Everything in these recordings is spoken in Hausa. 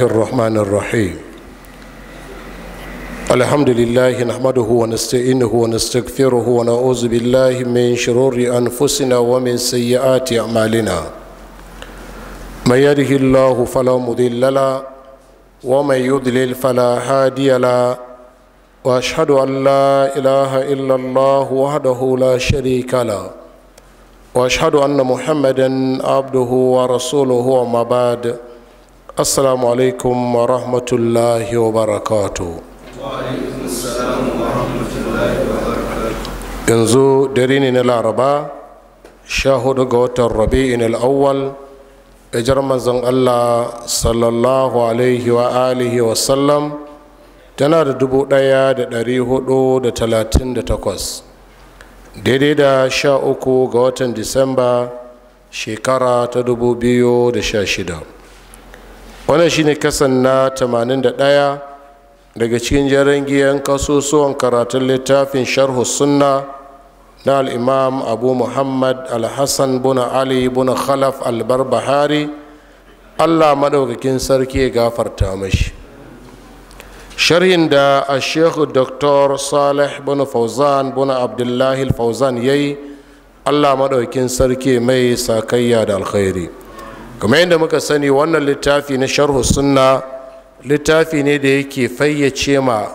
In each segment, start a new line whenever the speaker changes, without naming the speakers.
الرحمن الرحيم الحمد لله نحمده ونستعينه ونستغفره ونعوذ بالله من شرور أنفسنا ومن سيئات أعمالنا من يده الله فلا مضل له ومن يضلل فلا هادي له وأشهد أن لا إله إلا الله وحده لا شريك له وأشهد أن محمدا عبده ورسوله وما بعد assalamu alaikum wa rahmatullahi wa barakatu yanzu dare ne na laraba sha hudu ga watan rabi'in al'awwal jarman manzon allah sallallahu alaihi wa alihi wa sallam tana da dubu daya da dari hudu da talatin da takwas daidai da sha uku ga watan disamba shekara ta dubu biyu da sha shida wannan shine kasan na 81 daga cikin jarangiyan kasusuwan karatun littafin sharhu sunna na al'imam abu muhammad al-hassan buna ali buna khalaf al-barbahari allah maɗaukakin sarki ya gafarta mashi sharhin da a shehu dr salih buna fauzan buna abdullahi fauzan ya yi allah maɗaukakin sarki mai sakayya da alkhairi kamar yadda muka sani wannan littafi na sharhu sunna littafi ne da yake fayyace ma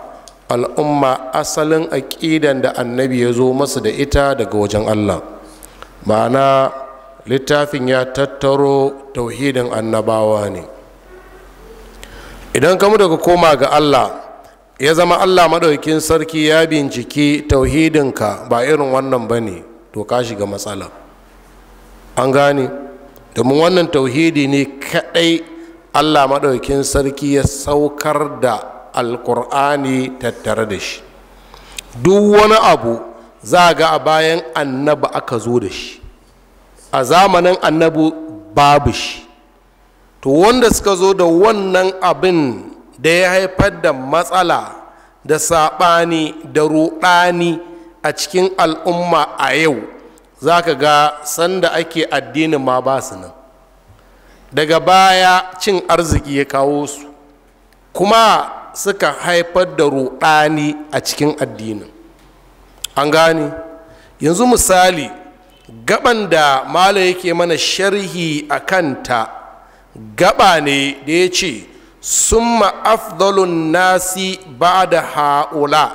al'umma asalin aƙidan da annabi ya zo masu da ita daga wajen allah ma'ana littafin ya tattaro tauhidin annabawa ne idan kamu daga koma ga allah ya zama allah maɗaukin sarki ya binciki tauhidinka ba irin wannan ba ne to ka shiga matsala an gane domin wannan tauhidi ne kaɗai allah maɗaukin sarki ya saukar da alkur'ani tattare da shi duk wani abu za ga a bayan annabi aka zo da shi a zamanin annabi babu shi to wanda suka zo da wannan abin da ya haifar da matsala da saɓani da ruɗani a cikin al'umma a yau za ka ga sanda ake addinin ma ba su nan daga baya cin arziki ya kawo su kuma suka haifar da ruɗani a cikin addinin an gane yanzu misali gaban da mala yake mana sharhi a kanta gaba ne da ya ce summa afdalun nasi ba da ha'ula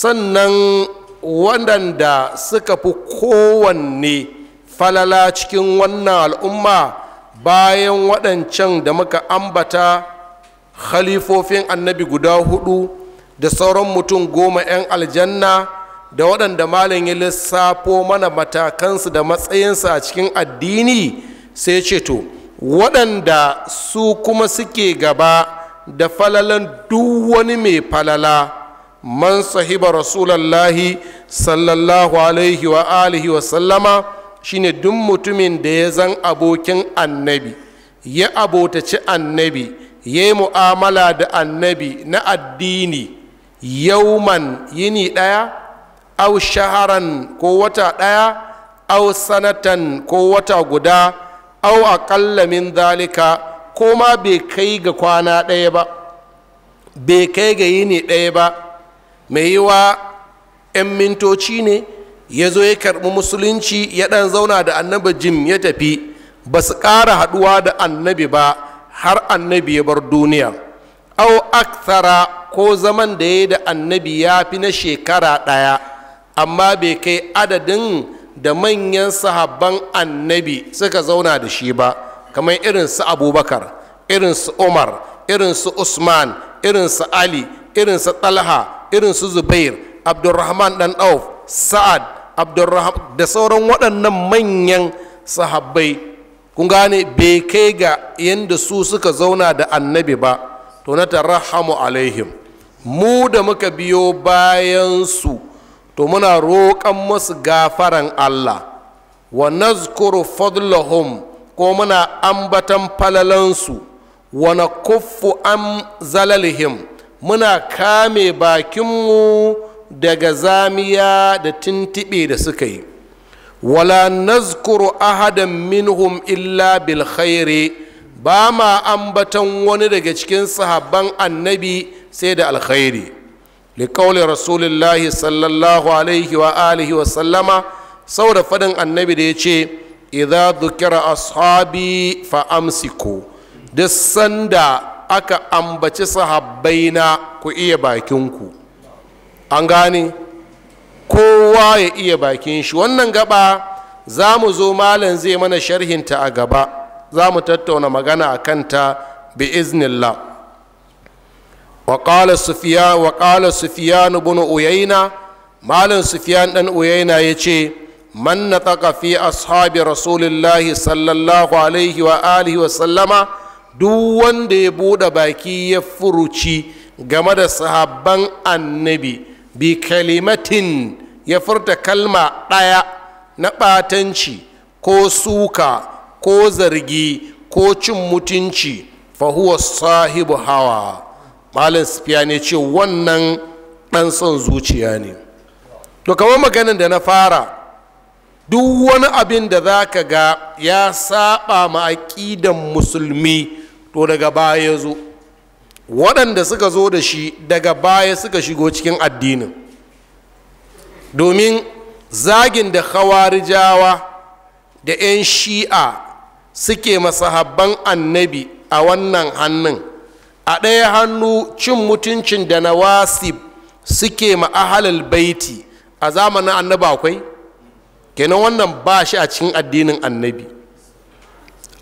sannan waɗanda suka fi kowanne falala cikin wannan al'umma bayan waɗancan da muka ambata khalifofin annabi guda hudu da sauran mutum goma 'yan aljanna da waɗanda malin ya lissafo mana matakansu da matsayinsu a cikin addini sai ce to waɗanda su kuma suke gaba da falalan duk wani mai falala man sahiba rasulallahi sallallahu alaihi wa alihi wa sallama shine duk mutumin da ya zan abokin annabi ya abotaci annabi ya yi mu'amala da annabi na addini yauman yini ɗaya au shaharan ko wata ɗaya au sanatan ko wata guda au aƙalla min zalika ko ma bai kai ga kwana ɗaya ba bai kai ga yini ɗaya ba mai yiwa 'yan mintoci ne ya zo ya karɓi musulunci ya ɗan zauna da annabi jim ya tafi ba su ƙara haɗuwa da annabi ba har annabi ya bar duniya au akthara ko zaman da ya da annabi ya fi na shekara ɗaya amma bai kai adadin da manyan sahabban annabi suka zauna da shi ba kamar irin su abubakar irin su umar irin su usman irin su ali irin su talha irin su zubair abdurrahman dan auf sa'ad abdurrahman da sauran waɗannan manyan sahabbai kun gane bai kai ga yadda su suka zauna da annabi ba to na tarahamu alaihim mu da muka biyo bayan su to muna roƙan masu gafaran allah wa nazkuru fadlahum ko muna ambatan falalansu wa na kuffu an zalalihim muna kame bakinmu daga zamiya da tintiɓe da suka yi wala nazkuru ahadan minhum illa bil khairi ba ma ambatan wani daga cikin sahabban annabi sai da alkhairi liƙaunin rasulullahi sallallahu alaihi wa alihi wa sallama sau da faɗin annabi da ya ce idza dhukira ashabi fa amsiku duk sanda aka ambaci na ku iya bakinku an gane kowa ya iya bakin shi wannan gaba za mu zo malam zai mana sharhinta a gaba za mu tattauna magana a kanta bi iznillah waƙala sufiyan waƙala sufiyan ibn uyayna malam sufiyan ɗan Uyaina ya ce manna tsakafi fi ashabi rasulillahi sallallahu alaihi wa alihi wa sallama duk wanda ya buɗe baki ya furuci game da sahabban annabi bi kalimatin ya furta kalma ɗaya na ɓatanci ko suka ko zargi ko cin mutunci fahuwa sahibu hawa malin sufiya ne ce wannan ɗan son zuciya ne to kamar maganin da na fara duk wani abin da za ka ga ya saba ma aƙidan musulmi to daga baya ya zo waɗanda suka zo da shi daga baya suka shigo cikin addinin domin zagin da khawarijawa da 'yan shi'a suke masahabban annabi a wannan hannun a ɗaya hannu cin mutuncin da nawasib suke ma'ahalal baiti a zamanin annabi akwai kenan wannan ba shi a cikin addinin annabi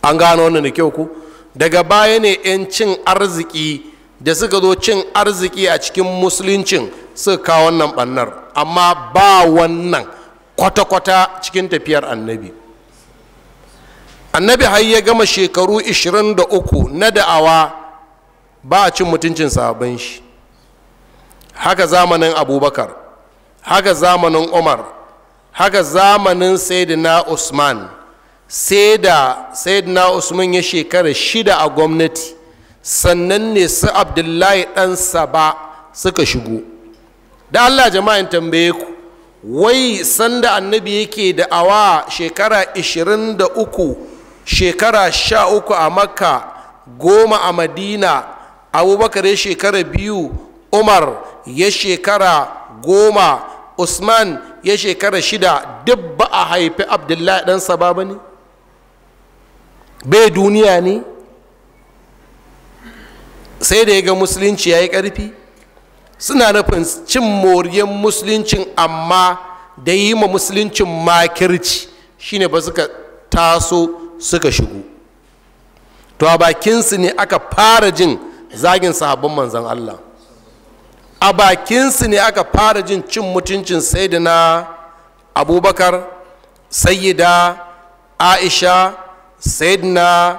an gano wannan da kyau ku daga baya ne 'yan cin arziki da suka zo cin arziki a cikin musuluncin suka kawo wannan bannar amma ba wannan kwata-kwata cikin tafiyar annabi annabi har ya gama shekaru 23 na da'awa ba a cin mutuncin sabon shi haka zamanin abubakar haka zamanin umar haka zamanin sayyidina usman sai da sayyidina usman ya shekara shida a gwamnati sannan ne su abdullahi ɗansa ba suka shigo da allah jama'in tambaye ku wai sanda annabi yake da awa shekara 23 shekara 13 a makka goma a madina abubakar ya shekara biyu umar ya shekara goma usman ya shekara shida duk ba a haifi abdullahi ɗansa ba ne bai duniya ne sai da ya ga musulunci ya yi ƙarfi suna nufin cin moriyar musuluncin amma da yi ma musuluncin makirci shine ba suka taso suka shigo to a bakinsu ne aka fara jin zagin sahabban manzan allah a bakinsu ne aka fara jin cin mutuncin sai da na abubakar sayyida aisha sayyidina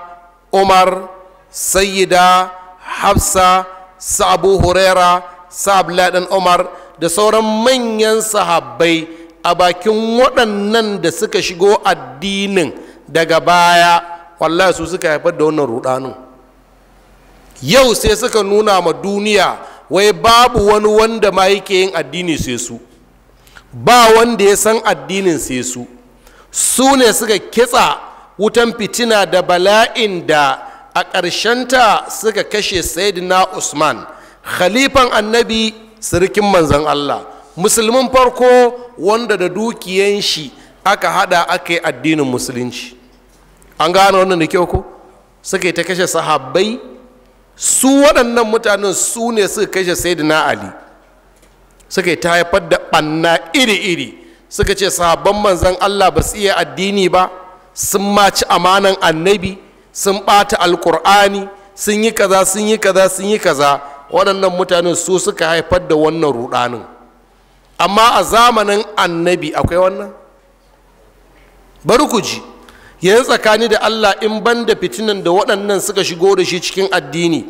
umar sayyida hafsa su abu huraira su abladin umar da sauran manyan sahabbai a bakin waɗannan da suka shigo addinin daga baya wallahi su suka haifar da wannan rudanin yau sai suka nuna ma duniya wai babu wani wanda ma yake yin addini sai su ba wanda ya san addinin sai su su ne suka kitsa wutan fitina da bala'in da a ƙarshenta suka kashe sayyidina usman khalifan annabi sirikin manzan allah musulmin farko wanda da dukiyan shi aka hada aka yi addinin musulunci an gane wannan da kyau ko suka yi ta kashe sahabbai su waɗannan mutanen su ne suka kashe sayyidina ali suka yi ta haifar da ɓanna iri-iri suka ce sahabban manzan allah ba su iya addini ba sun maci amanan annabi sun ɓata alkur'ani sun yi kaza sun yi kaza sun yi kaza waɗannan mutanen su suka haifar da wannan ruɗanin amma a zamanin annabi akwai wannan bari ku ji tsakani da allah in ban da fitinan da waɗannan suka shigo da shi cikin addini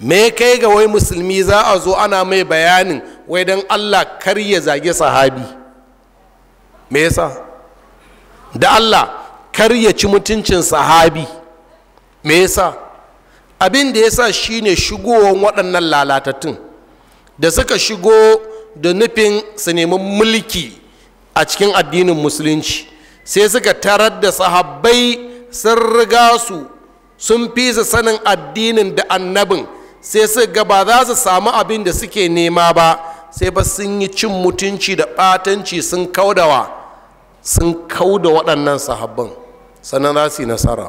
me kai ga wai musulmi za a zo ana mai bayanin wai don allah kar ya zage sahabi me yasa da allah kar ya ci mutuncin sahabi me yasa abin da yasa shine shigowar waɗannan lalatattun da suka shigo da nufin su nemi mulki a cikin addinin musulunci sai suka tarar da sahabbai sun riga su sun fi su sanin addinin da annabin sai su ga ba za su samu abin da suke nema ba sai ba sun yi cin mutunci da ɓatanci sun kaudawa sun kau da waɗannan sahabban sannan za su yi nasara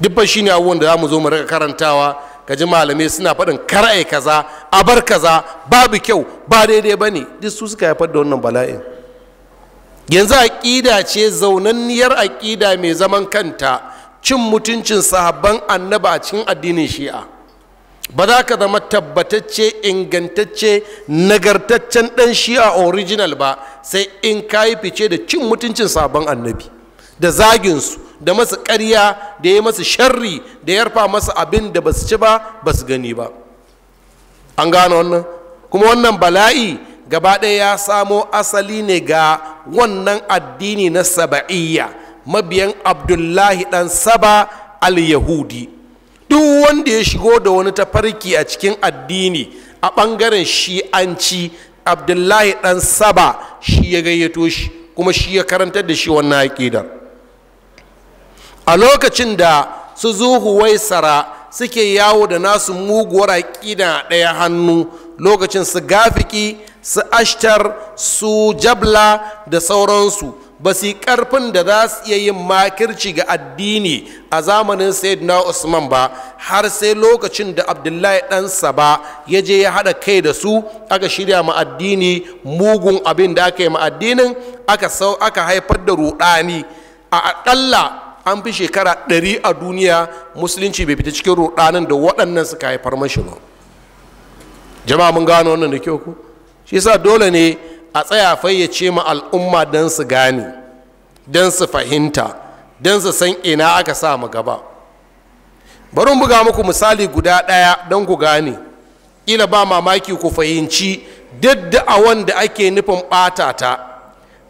dubban shi ne abubuwan da za mu zo mu rika karantawa ka ji malamai suna faɗin kara'ai kaza a bar kaza babu kyau ba daidai ba ne duk su suka haifar da wannan bala'in yanzu aƙida ce zaunanniyar aƙida mai zaman kanta cin mutuncin sahabban annaba a cikin addinin shi'a ba za ka zama tabbatacce ingantacce nagartaccen ɗan shi'a original ba sai in ka yi fice da cin mutuncin sabon annabi da zaginsu da masu ƙarya da ya masu sharri da ya rufa masu abin da ba su ci ba ba su gani ba an gane wannan kuma wannan bala'i gaba ɗaya ya samo asali ne ga wannan addini na saba'iyya mabiyan abdullahi ɗan saba al-yahudi duk wanda ya shigo da wani tafarki a cikin addini a ɓangaren shi'anci abdullahi ɗan saba shi ya gayyato shi kuma shi ya karantar da shi wannan aƙidar a lokacin da su zuhu waisara suke yawo da nasu muguwar aƙida a ɗaya hannu lokacin su gafiki su ashtar su jabla da sauransu ba su yi ƙarfin da za su iya yin makirci ga addini a zamanin sayyidina usman ba har sai lokacin da abdullahi ɗansa ba ya je ya haɗa kai da su aka shirya ma addini mugun abin da aka yi ma addinin aka sau aka haifar da ruɗani a aƙalla an fi shekara ɗari a duniya musulunci bai fita cikin ruɗanin da waɗannan suka haifar mashi ba jama'a mun gano wannan da kyau ku shi sa dole ne a tsaya fayyace ma al'umma don su gane don su fahimta don su san ina aka sa mu gaba barin buga muku misali guda ɗaya don ku gane ila ba mamaki ku fahimci duk a wanda ake nufin ɓata ta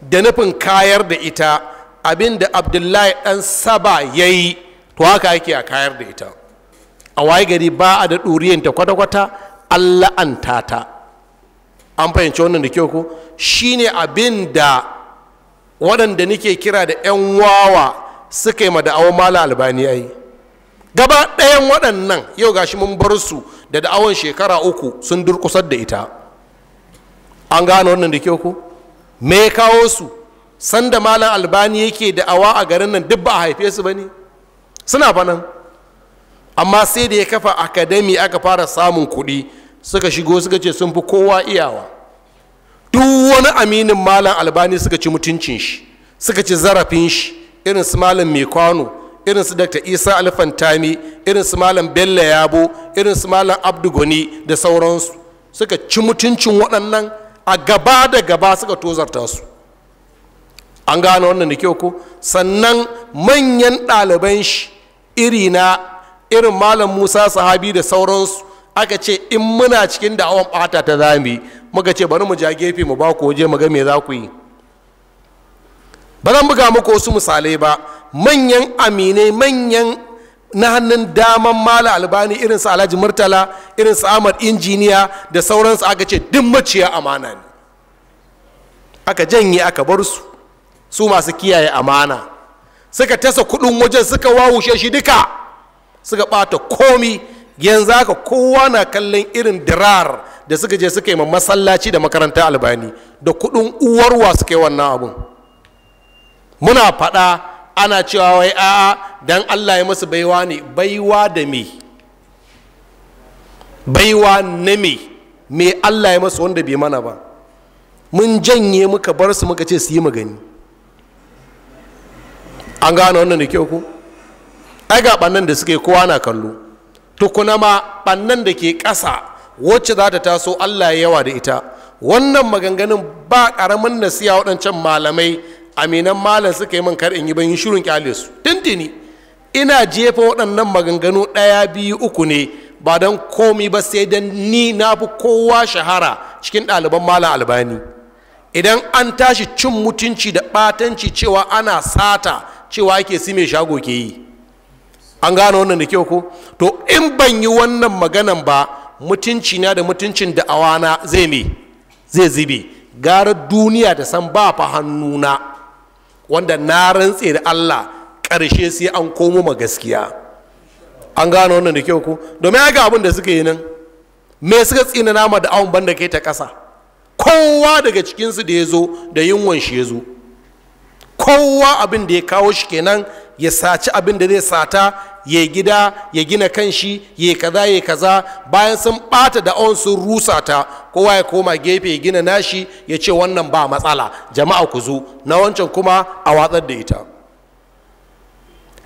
da nufin kayar da ita abinda abdullahi ɗan saba ya yi to haka ake a kayar da ita a waye gari ba a da ɗuriyanta kwata-kwata an la'anta ta an fahimci wannan da kyau ko shine abin da waɗanda nake kira da 'yan wawa suka yi ma da'awar mala albani ai gaba ɗayan waɗannan yau gashi mun bar su da da'awar shekara uku sun durkusar da ita an gane wannan da kyau ko me kawo su sanda malam albani yake da'awa a garin nan duk ba a haife su ba ne suna fa nan amma sai da ya kafa akademi aka fara samun kuɗi suka shigo suka ce sun fi kowa iyawa duk wani aminin malam albani suka ci mutuncin shi suka ci zarafin shi irin su malam mai kwano irin su dr isa alfantami irin su malam bello yabo irin su malam abdugoni da sauransu suka ci mutuncin waɗannan a gaba da gaba suka tozarta su an gane wannan da kyau ko sannan manyan ɗaliban shi iri na irin malam musa sahabi da sauransu aka ce in muna cikin da da'awan bata ta zami muka ce bari mu ja gefe mu ba ku waje mu ga me za ku yi ba buga muku wasu misalai ba manyan aminai manyan na hannun daman mala albani irin su alhaji murtala irin su ahmad injiniya da sauransu aka ce duk maciya amana ne aka janye aka bar su su masu kiyaye amana suka tasa kudin wajen suka wawushe shi duka suka bata komi yanzu haka kowa na kallon irin dirar da suka je suka yi ma masallaci da makaranta albani da kudin uwarwa suka yi wannan abun muna faɗa ana cewa wai a'a dan allah ya masu baiwa ne baiwa da me baiwa na me me allah ya masu wanda bai mana ba mun janye muka bar su muka ce su yi magani an gane wannan da kyau ku ai ga da suke kowa na kallo tukuna ma ɓannan da ke ƙasa wacce za ta taso allah ya yawa da ita wannan maganganun ba ƙaramin nasiya waɗancan malamai aminan malam suka yi min kar in yi ban yi shirin kyale su tuntuni ina jefa waɗannan maganganu ɗaya biyu uku ne ba don komi ba sai don ni na fi kowa shahara cikin ɗaliban malam albani idan an tashi cin mutunci da ɓatanci cewa ana sata cewa ake si mai shago ke yi an gano wannan da kyau ko to in ban yi wannan maganan ba mutunci na da mutuncin da awana zai me zai zube gara duniya da san ba fa hannuna wanda na rantse da Allah ƙarshe sai an komo ma gaskiya an gano wannan da kyau ko domin ga abin da suka yi nan me suka tsina nama da awon banda kai ta ƙasa kowa daga cikinsu da ya zo da yunwan shi ya zo kowa abin da ya kawo shi kenan ya saci abin da zai sata ya gida ya gina kanshi ya kaza ya kaza bayan sun bata da on sun rusa ta kowa ya koma gefe ya gina nashi ya ce wannan ba matsala jama'a ku zo na wancan kuma a watsar da ita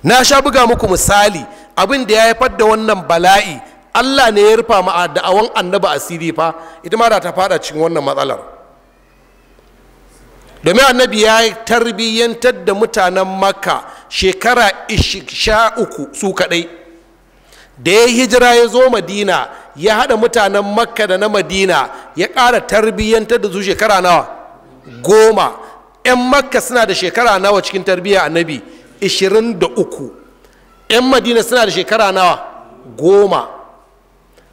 na sha buga muku misali abin da ya haifar da wannan bala'i allah ne ya rufa ma da'awan annabi asiri fa ita ma da ta fada cikin wannan matsalar domin annabi ya yi tarbiyyantar da mutanen makka shekara sha uku su kaɗai da ya hijira ya zo madina ya haɗa mutanen makka da na madina ya ƙara tarbiyyantar da su shekara nawa goma 'yan makka suna da shekara nawa cikin tarbiyya annabi 23 'yan madina suna da shekara nawa goma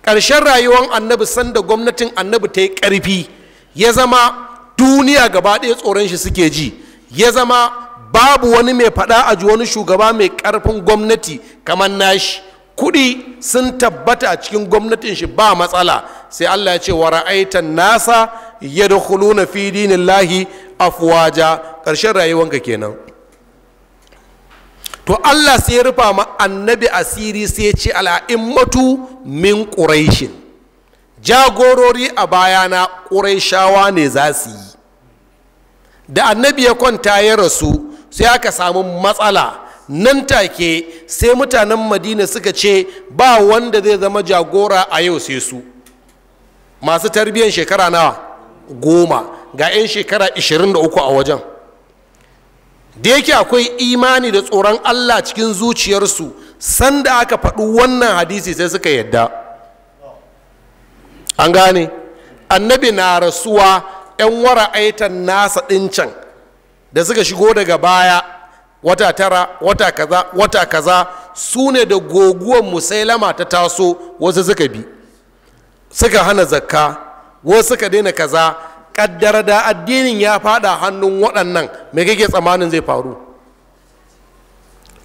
ƙarshen rayuwar annabi sanda gwamnatin annabi ta yi ƙarfi ya zama duniya gaba ɗaya tsoron shi suke ji ya zama babu wani mai faɗa a ji wani shugaba mai ƙarfin gwamnati kamar nashi kuɗi sun tabbata a cikin gwamnatin shi ba matsala sai allah ya ce wa ra'aitan nasa ya yadkhuluna fi dinillahi afwaja ƙarshen rayuwanka kenan to allah sai ya rufa ma annabi asiri sai ya ce al'a'immatu min quraishin jagorori a baya na bayana shawa ne za su yi da annabi ya kwanta ya rasu sai aka samu matsala nan take sai mutanen madina suka ce ba wanda zai zama jagora a yau sai su masu tarbiyyar shekara na goma ga 'yan shekara 23 a wajen da yake akwai imani da tsoron allah cikin zuciyarsu sanda aka faɗi wannan hadisi sai suka yadda an gane annabi na rasuwa 'yan wara'aitan nasa ɗincan da suka shigo daga baya wata tara wata kaza wata kaza su ne da goguwan musailama ta taso wasu suka bi suka hana zakka wasu suka daina kaza kaddara da addinin ya fada hannun waɗannan mai kake tsamanin zai faru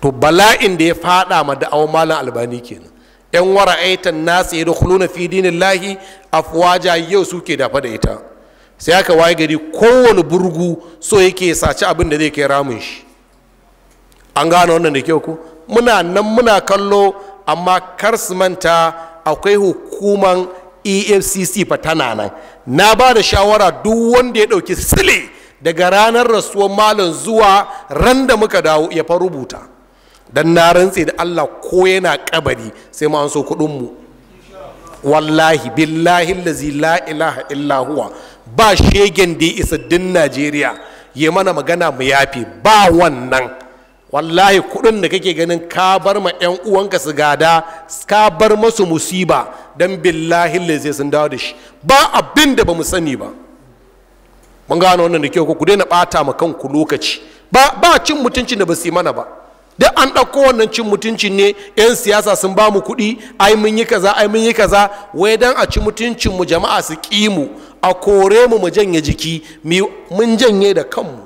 to bala'in da ya fada ma da'awar malam albani kenan yan wara na nasu ya dukuluna fi dinin lahi afwaja yau suke dafa da ita sai aka waye gari kowane burgu so yake saci abin da zai kai ramin shi an gane wannan da kyau ku muna nan muna kallo amma kar su manta akwai hukuman efcc fatana nan na ba da shawara duk wanda ya ɗauki sile daga ranar rasuwar malam zuwa ran da muka dawo ya fa rubuta dan na rantse da Allah ko yana kabari sai ma an so kudin mu wallahi billahi allazi la ilaha illa huwa ba shegen da isa din Najeriya ya mana magana mu yafi ba wannan wallahi kudin da kake ganin ka bar ma yan uwanka su gada ka bar musu musiba dan billahi allazi sun dawo da shi ba abin da mu sani ba mun gano wannan da kyau ku daina bata ma kanku lokaci ba ba cin mutuncin da ba su yi mana ba duk an ɗauko wannan cin mutunci ne 'yan siyasa sun ba mu kuɗi ai mun yi kaza ai mun yi kaza wai dan a ci mutuncin mu jama'a su ƙi mu a kore mu mu janye jiki mun janye da kanmu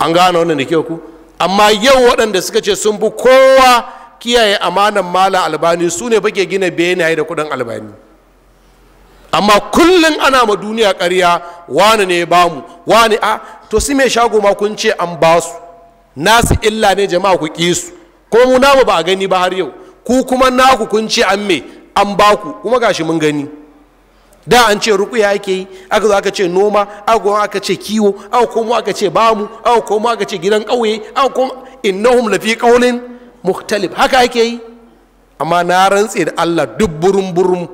an gane wannan da ke ku amma yau waɗanda suka ce sun bi kowa kiyaye amanan malam albani su ne bake gina benaye da kuɗin albani amma kullum ana ma duniya ƙarya wani ne ba bamu wani a to su mai shago ma kun ce an ba su nasu illa ne jama'a ku kisu su ko mu namu ba a gani ba har yau ku kuma naku kun ce an me an ba ku kuma gashi mun gani da an ce rukuya ake yi aka zo aka ce noma aka kuma aka ce kiwo aka kuma aka ce bamu aka kuma aka ce gidan ƙauye aka kuma innahum lafi qaulin mukhtalif haka ake yi amma na rantse da Allah duk burum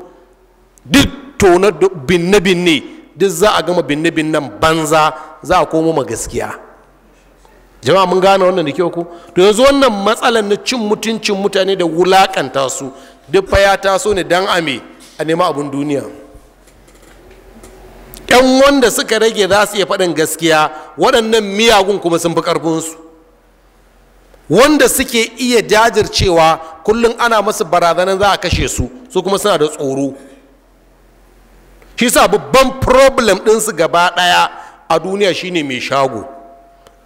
duk tona binne binne duk za a gama binne-binnen banza za a komo ma gaskiya jama'a mun gane wannan da kyau ko to yanzu wannan matsalar na cin mutuncin mutane da wulakanta su duk fa ya taso ne dan ame a nema abun duniya yan wanda suka rage za su iya faɗin gaskiya waɗannan miyagun kuma sun fi ƙarfinsu wanda suke iya jajircewa kullum ana masu barazanar za a kashe su su kuma suna da tsoro shi sa babban problem ɗinsu gaba ɗaya a duniya shine mai shago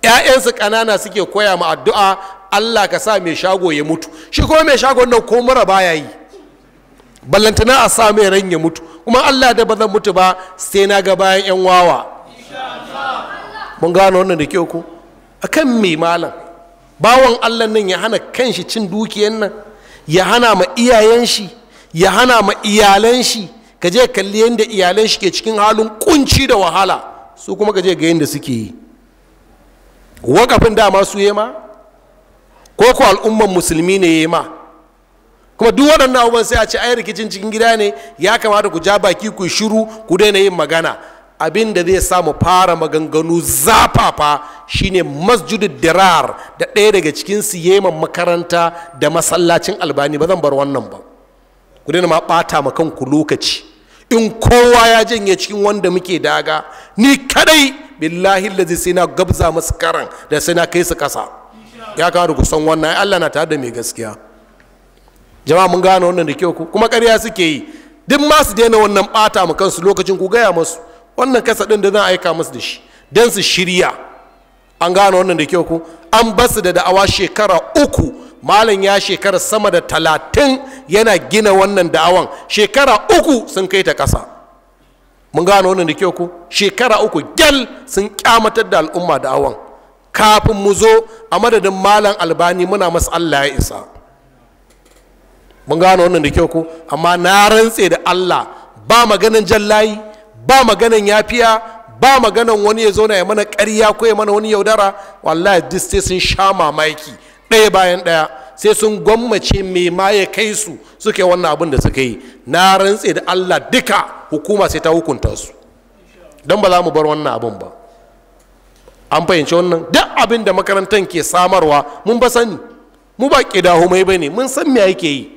‘ya'yansu ƙanana suke koya ma addu'a allah ka sa mai shago ya mutu shi kuma mai shago nan ko mura baya yi ballantana a sa mai ran ya mutu kuma allah da ba zan mutu ba sai na ga bayan ‘yan wawa mun gano wannan da kyau ko kan mai malam bawan allah nan ya hana kanshi cin dukiyan nan ya hana ma iyayen shi ya hana ma iyalan shi ka je kalli yadda iyalai shi ke cikin halin kunci da wahala su kuma ka je ga yadda suke yi wakafin dama su yema ko ko al'umman musulmi ne yema kuma duk waɗannan abubuwan sai a ce ai rikicin cikin gida ne ya kamata ku ja baki ku shiru ku daina yin magana abin da zai samu fara maganganu zafafa shine masjidu dirar da ɗaya daga cikin su siyeman makaranta da masallacin albani ba zan bar wannan ba ku daina ma ɓata ma kanku lokaci in kowa ya janye cikin wanda muke daga ni kadai billahi allazi sai na gabza masu karan da sai na kai su kasa ya kawo ku san wannan allah na tare da mai gaskiya jama'a mun gane wannan da kyau ku kuma karya suke yi duk ma su daina wannan ɓata ma kansu lokacin ku gaya masu wannan kasa ɗin da zan aika musu da shi dan su shirya an gane wannan da kyau ku an basu da da'awa shekara uku malam ya shekara sama da talatin yana gina wannan da'awan shekara uku sun kai ta ƙasa mun gano wannan da kyau ku shekara uku gyal sun kyamatar da al'umma da'awan kafin mu zo a madadin malam albani muna masa allah ya isa mun gano wannan da kyau ku amma na rantse da allah ba maganin jallayi ba maganin yafiya ba maganan wani ya zauna ya mana ƙarya ko ya mana wani yaudara wallahi duk sai sun sha mamaki ɗaya bayan ɗaya sai sun gwammace mai ma ya kai su suke wannan abin da suka yi na rantse da allah duka hukuma sai ta hukunta su don ba za mu bar wannan abin ba an fahimci wannan duk abin da makarantar ke samarwa mun ba sani mu ba ƙidahu ba ne mun san me ake yi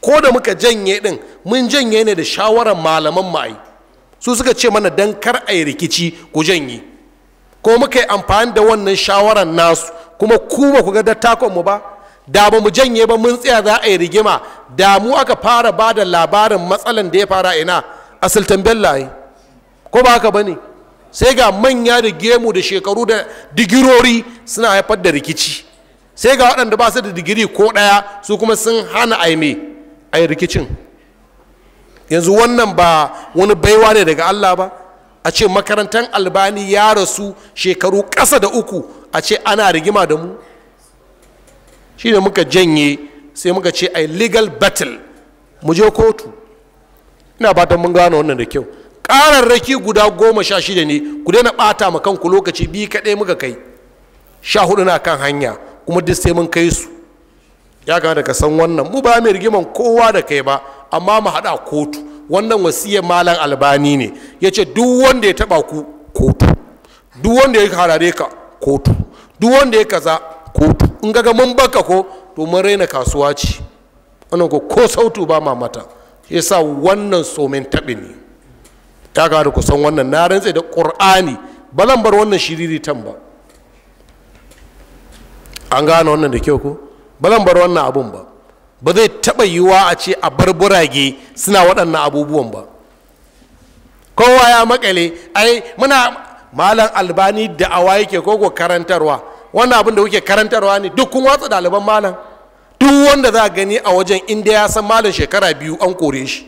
ko da muka janye din mun janye ne da shawarar malaman ma'ai su suka ce mana dan kar a yi rikici ku janye ko muka yi amfani da wannan shawarar nasu kuma ku ku ga dattakon mu ba da ba mu janye ba mun tsaya za a yi rigima da mu aka fara ba da labarin matsalan da ya fara ina asaltan bellaye ko ba haka bane sai ga manya da gemu da shekaru da digirori suna haifar da rikici sai ga waɗanda ba su da digiri ko ɗaya su kuma sun hana a yi rikicin yanzu wannan ba wani baiwa ne daga allah ba a ce makarantar albani ya rasu shekaru kasa da uku a ce ana rigima da mu shi ne muka janye sai muka ce a legal battle mu je kotu ina ta mun gano wannan da kyau ƙararraki guda goma sha shida ne ku daina ɓata ma kanku lokaci biyu kaɗai muka kai sha hudu na kan hanya kuma duk sai mun kai su ya kamata ka san wannan mu ba mai rigiman kowa da kai ba amma mu haɗa kotu wannan wasiyar malam albani ne ya ce duk wanda ya taba ku kotu duk wanda ya harare ka kotu duk wanda ya kaza kotu in ga mun baka ko to mun raina kasuwa ce wannan ko ko sautu ba ma mata shi yasa wannan somen taɓi ne ta da ku san wannan na rantse da qur'ani ba zan bar wannan tan ba an gane wannan da kyau ko ba zan bar wannan abun ba ba zai taɓa yiwuwa a ce a bar burage suna waɗannan abubuwan ba kowa ya makale ai muna malam albani da awa yake koko karantarwa wannan abin da kuke karantarwa ne duk kun watsa ɗaliban malam duk wanda za a gani a wajen inda ya san malam shekara biyu an kore shi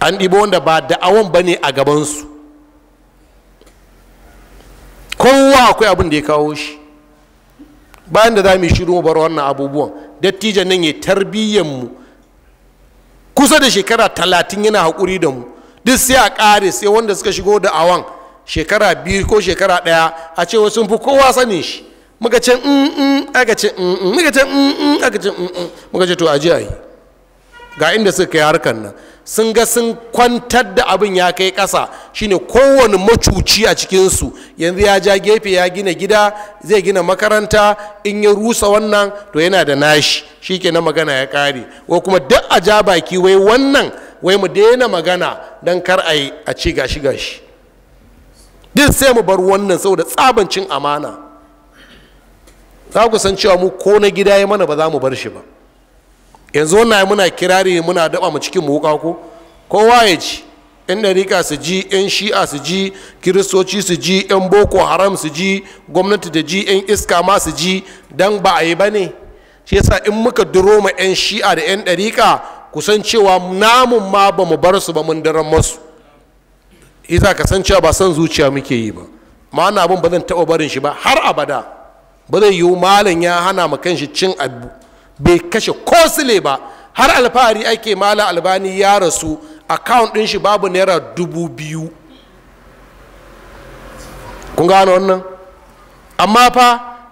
an ɗibo wanda ba da'awan ba ne a gabansu kowa akwai abin da ya kawo shi bayan da za mu yi shiru mu bar wannan abubuwan dattijan nan ya tarbiyyar mu kusa da shekara talatin yana haƙuri da mu duk sai a ƙare sai wanda suka shigo da awan shekara biyu ko shekara ɗaya a ce wasu fi kowa sanin shi muka ce in mm, mm, aka ce in mm, muka ce in aka ce in muka ce to a yi ga inda suka kai harkar nan sun ga sun kwantar da abin ya kai ƙasa shine kowane macuci a cikinsu yanzu ya ja gefe ya gina gida zai gina makaranta in ya rusa wannan to yana da nashi shi ke na magana ya kare ko kuma duk a ja baki wai wannan wai mu daina magana don kar a yi a ci gashi gashi duk sai mu bar wannan saboda tsabancin amana za ku san cewa mu ko na gida ya mana ba za mu bar shi ba yanzu wannan muna kirari muna daba mu cikin mu ko kowa ya ci 'yan dariƙa su ji 'yan shi'a su ji kiristoci su ji 'yan boko haram su ji gwamnati da ji 'yan iska ma su ji don ba a yi ba ne shi yasa in muka duro ma 'yan shi'a da 'yan dariƙa kusan cewa namun ma ba mu bar su ba mun daren masu isa ka san cewa ba son zuciya muke yi ba ma'ana abin ba zan taɓa barin shi ba har abada ba zai yiwu malam ya hana ma kanshi cin abu bai kashe ko ba har alfahari ake malam albani ya rasu account ɗin shi babu naira dubu biyu kun gano wannan amma fa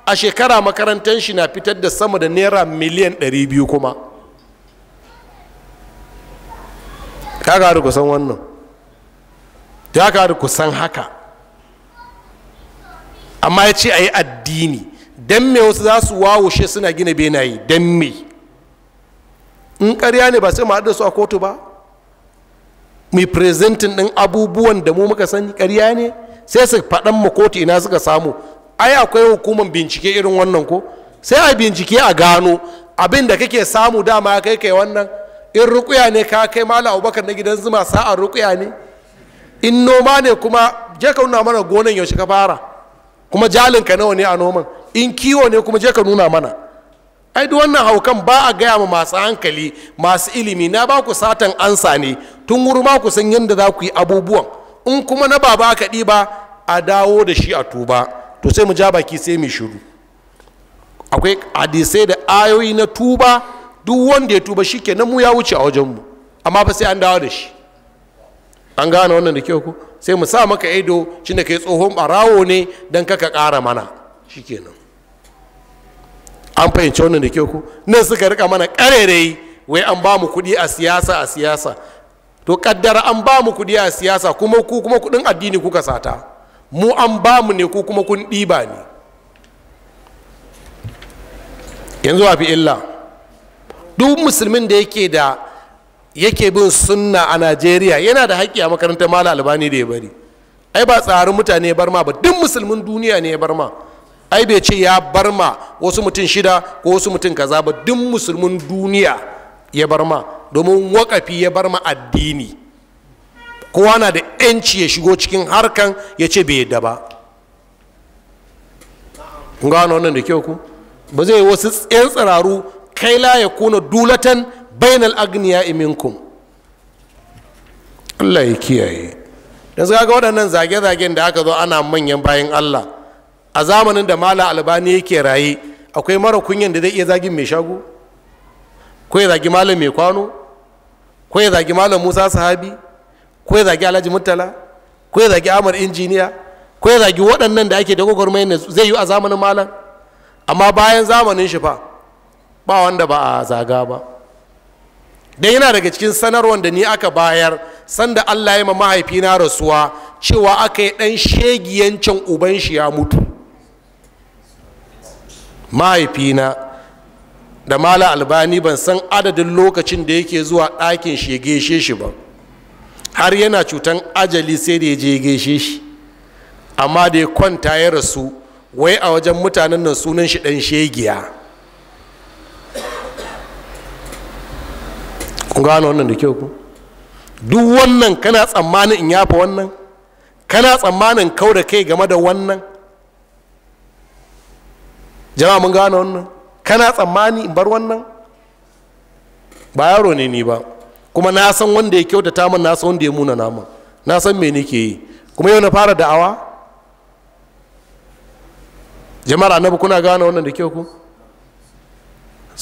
a shekara makarantar shi na fitar da sama da naira miliyan ɗari biyu kuma ka ku kusan wannan ya ku kusan haka amma ya ce a yi addini don me wasu za su wawushe suna gina benaye don me in karya ne ba sai ma da su a kotu ba mai presentin ɗin abubuwan da mu muka sani karya ne sai su faɗan mu kotu ina suka samu ai akwai hukumar bincike irin wannan ko sai a bincike a gano abin da kake samu dama kai kai wannan in rukuya ne ka kai mala abubakar na gidan zuma sa'ar rukuya ne in noma ne kuma je ka nuna mana gonan yaushe ka fara kuma jalin ka nawa ne a noman in kiwo ne kuma je ka nuna mana ai duk wannan haukan ba a gaya ma masu hankali masu ilimi na ba ku satan ansa ne tun wuri ma ku san yadda za ku yi abubuwan in kuma na baba aka ba a dawo da shi a tuba to sai mu ja baki sai mu shiru akwai hadisai da ayoyi na tuba duk wanda ya tuba shi kenan mu ya wuce a wajenmu amma fa sai an dawo da shi an gane wannan da kyau ku sai mu sa maka ido shi da kai tsohon barawo ne don kaka kara mana shi kenan an fahimci wannan da kyau ku nan suka rika mana ƙarerai wai an ba mu kuɗi a siyasa a siyasa to kaddara an ba mu kuɗi a siyasa kuma ku kuma kuɗin addini kuka sata mu an ba mu ne ku kuma kun ɗiba ne yanzu a illa duk musulmin da yake da yake bin sunna a najeriya yana da haƙƙi a makarantar mala albani da ya bari ai ba tsarin mutane bar ma ba duk musulmin duniya ne ya bar ai bai ce ya barma ma wasu mutum shida ko wasu mutum kaza ba duk musulmin duniya ya bar ma domin wakafi ya bar ma addini kowa na da 'yanci ya shigo cikin harkan ya ce bai yadda ba gano wannan da kyau ku ba zai wasu yan tsiraru kai la ya kuna dulatan bainal agniya iminkum allah ya kiyaye don su ga waɗannan zage-zagen da aka zo ana manyan bayan allah a zamanin da mala albani yake raye akwai mara kunyan da zai iya zagin mai shago ko ya zagi malam mai kwano ko ya zagi malam musa sahabi ko ya zagi alhaji murtala ko ya zagi amur injiniya ko ya zagi waɗannan da ake da gwagwarmayar zai yi a zamanin malam amma bayan zamanin shi fa ba wanda ba a zaga ba dan yana daga cikin sanarwar da ni aka bayar sanda allah ya ma mahaifina rasuwa cewa aka yi ɗan shegiyancin uban shi ya mutu mahaifina da mala albani ban san adadin lokacin da yake zuwa ɗakin shi ya gaishe shi ba har yana cutan ajali sai da ya je gaishe shi amma da ya kwanta ya rasu wai a wajen mutanen nan sunan shi ɗan shegiya kun gano wannan da kyau ku duk wannan kana tsammanin in yafa wannan kana tsammanin kau da kai game da wannan jama'a mun gano wannan kana tsammani in bar wannan ba yaro ne ni ba kuma na san wanda ya kyautata min na san wanda ya muna namun na san me nake yi kuma yau na fara da'awa jama'ar annabi kuna gane wannan da kyau ku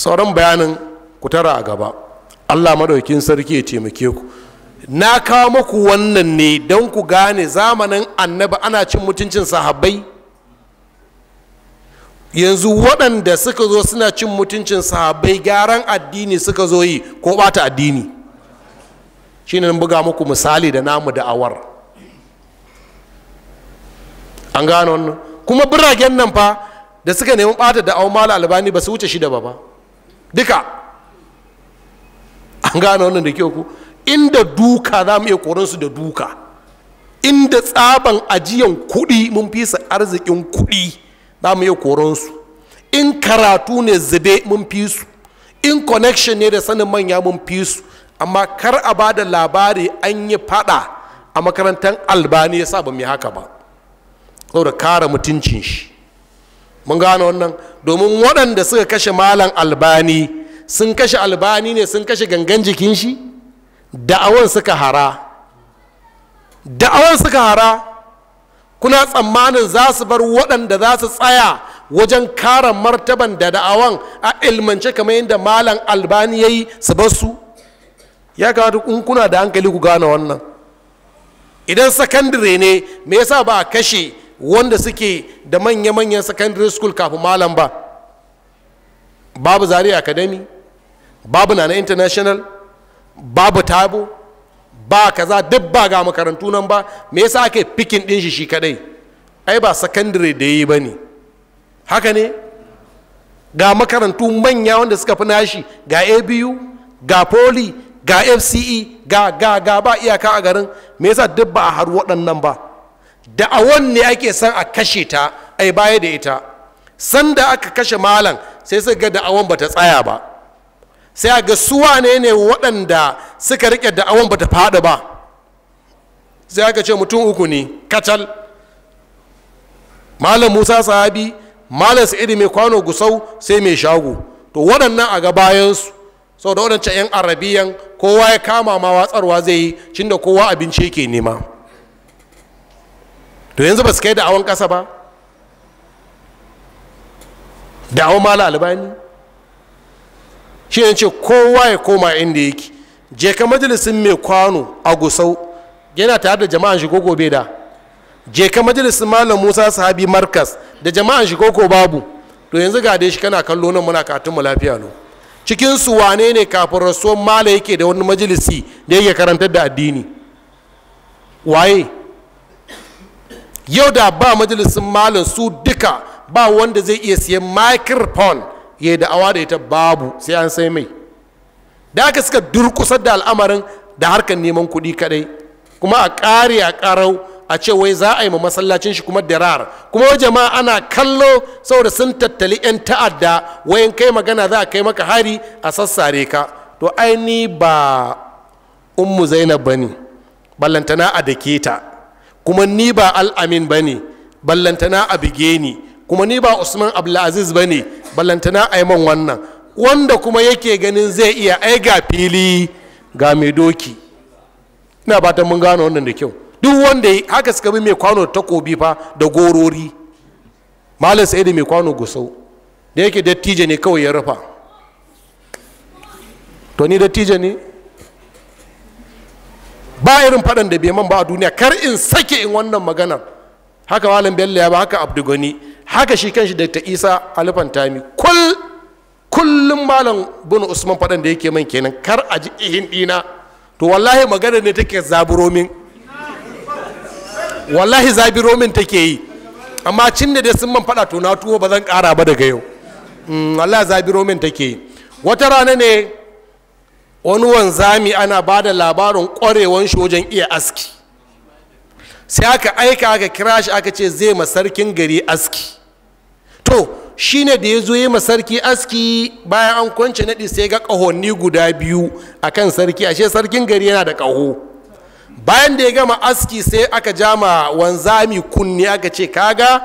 sauran bayanin ku tara a gaba allah madaukin sarki ya taimake ku na kawo muku wannan ne don ku gane zamanin annabi ana cin mutuncin sahabbai yanzu waɗanda suka zo suna cin mutuncin sahabbai gyaran addini suka zo yi ko ɓata addini shi ne buga muku misali da namu da'awar an gano wannan kuma biragen nan fa da suka nemi ɓata da mala albani ba su wuce shida ba ba duka an gano wannan da kyau ku inda duka za mu iya korinsu da duka inda tsaban ajiyan kuɗi mun fi arzikin kuɗi za mu iya koronsu in karatu ne zube mun fi su in connection ne da sanin manya mun fi su amma kar a ba da labari an yi fada a makarantar albani ya sa ba mai haka ba saboda kare mutuncin shi mun gane wannan domin waɗanda suka kashe malam albani sun kashe albani ne sun kashe gangan jikin shi da'awan suka hara da'awan suka hara kuna tsammanin za su bar waɗanda za su tsaya wajen kara martaban da da'awan a ilmance kamar yadda malam albani ya yi su bar su ya kamata in kuna da hankali ku gane wannan idan sakandire ne me yasa ba a kashe wanda suke da manya-manyan secondary school kafin malam ba babu zari academy babu nana international babu tabo ba kaza duk ba ga makarantu nan ba me yasa ake fikin din shi shi kadai ai ba sakandare da yi bane haka ne ga makarantu manya wanda suka fi nashi ga abu ga poli ga fce ga ga ga ba iyaka a garin me yasa duk ba a har waɗannan ba da a ne ake san a kashe ta ai baya da ita sanda aka kashe malam sai suka ga da awon bata tsaya ba sai a ga suwa ne ne waɗanda suka riƙe da ba ta faɗi ba sai aka ce mutum uku ne kacal malam musa sahabi malam iri mai kwano gusau sai mai shago to waɗannan a ga bayansu sau da waɗancan 'yan arabiyan kowa ya kama ma watsarwa zai yi cin da kowa abinci yake nema to yanzu ba su kai da awon ƙasa ba da awon malam albani shi ne ce kowa ya koma inda yake je ka majalisin mai kwano a gusau yana tare da jama'an shi gobe da je ka majalisin malam musa sahabi markas da jama'an shi ko babu to yanzu ga dai shi kana kallo nan muna katun mu lafiya lo cikin su wane ne kafin rasuwar mala yake da wani majalisi da yake karantar da addini waye yau da ba majalisin malam su duka ba wanda zai iya siyan microphone ya awa da ita babu sai an sai mai da aka suka durkusar da al'amarin da harkar neman kuɗi kadai kuma a ƙare a ƙarau a ce wai za a yi ma masallacin shi kuma dirar kuma jama'a ana kallo saboda sun tattali 'yan ta'adda wai in kai magana za a kai maka hari a sassare ka to aini ba ummu zainab bane ballantana a dake ta kuma ni ba al'amin bane ballantana a bige ni kuma ni ba usman abdulaziz ba ne ballantana aiman wannan wanda kuma yake ganin zai iya ai ga fili ga mai doki ina ta mun gano wannan da kyau duk wanda haka suka bi mai kwano takobi fa da gorori malam sai da mai kwano gusau da yake dattijo ne kawai ya rufa to ni dattijo ne ba irin faɗan da bai man ba a duniya kar in sake in wannan maganar haka malam bello ya ba haka abdugani haka shi kanshi da ta isa alifan tami kul kullum malam bin usman fadan da yake man kenan kar a ji ihin dina to wallahi magana ne take zaburomin wallahi zabiromin take yi amma cin da sun man fada to na tuwo ba zan kara ba daga yau mm, wallahi zabiromin take yi wata rana ne wani wanzami ana ba da labarin kwarewan shi wajen iya aski sai aka aika aka kira shi aka ce zai ma sarkin gari aski to shi ne da ya zo yi sarki aski bayan an kwance naɗi sai ga ƙahonni guda biyu a kan sarki ashe sarkin gari yana da ƙaho bayan da ya gama aski sai aka jama wanzami kunni aka ce kaga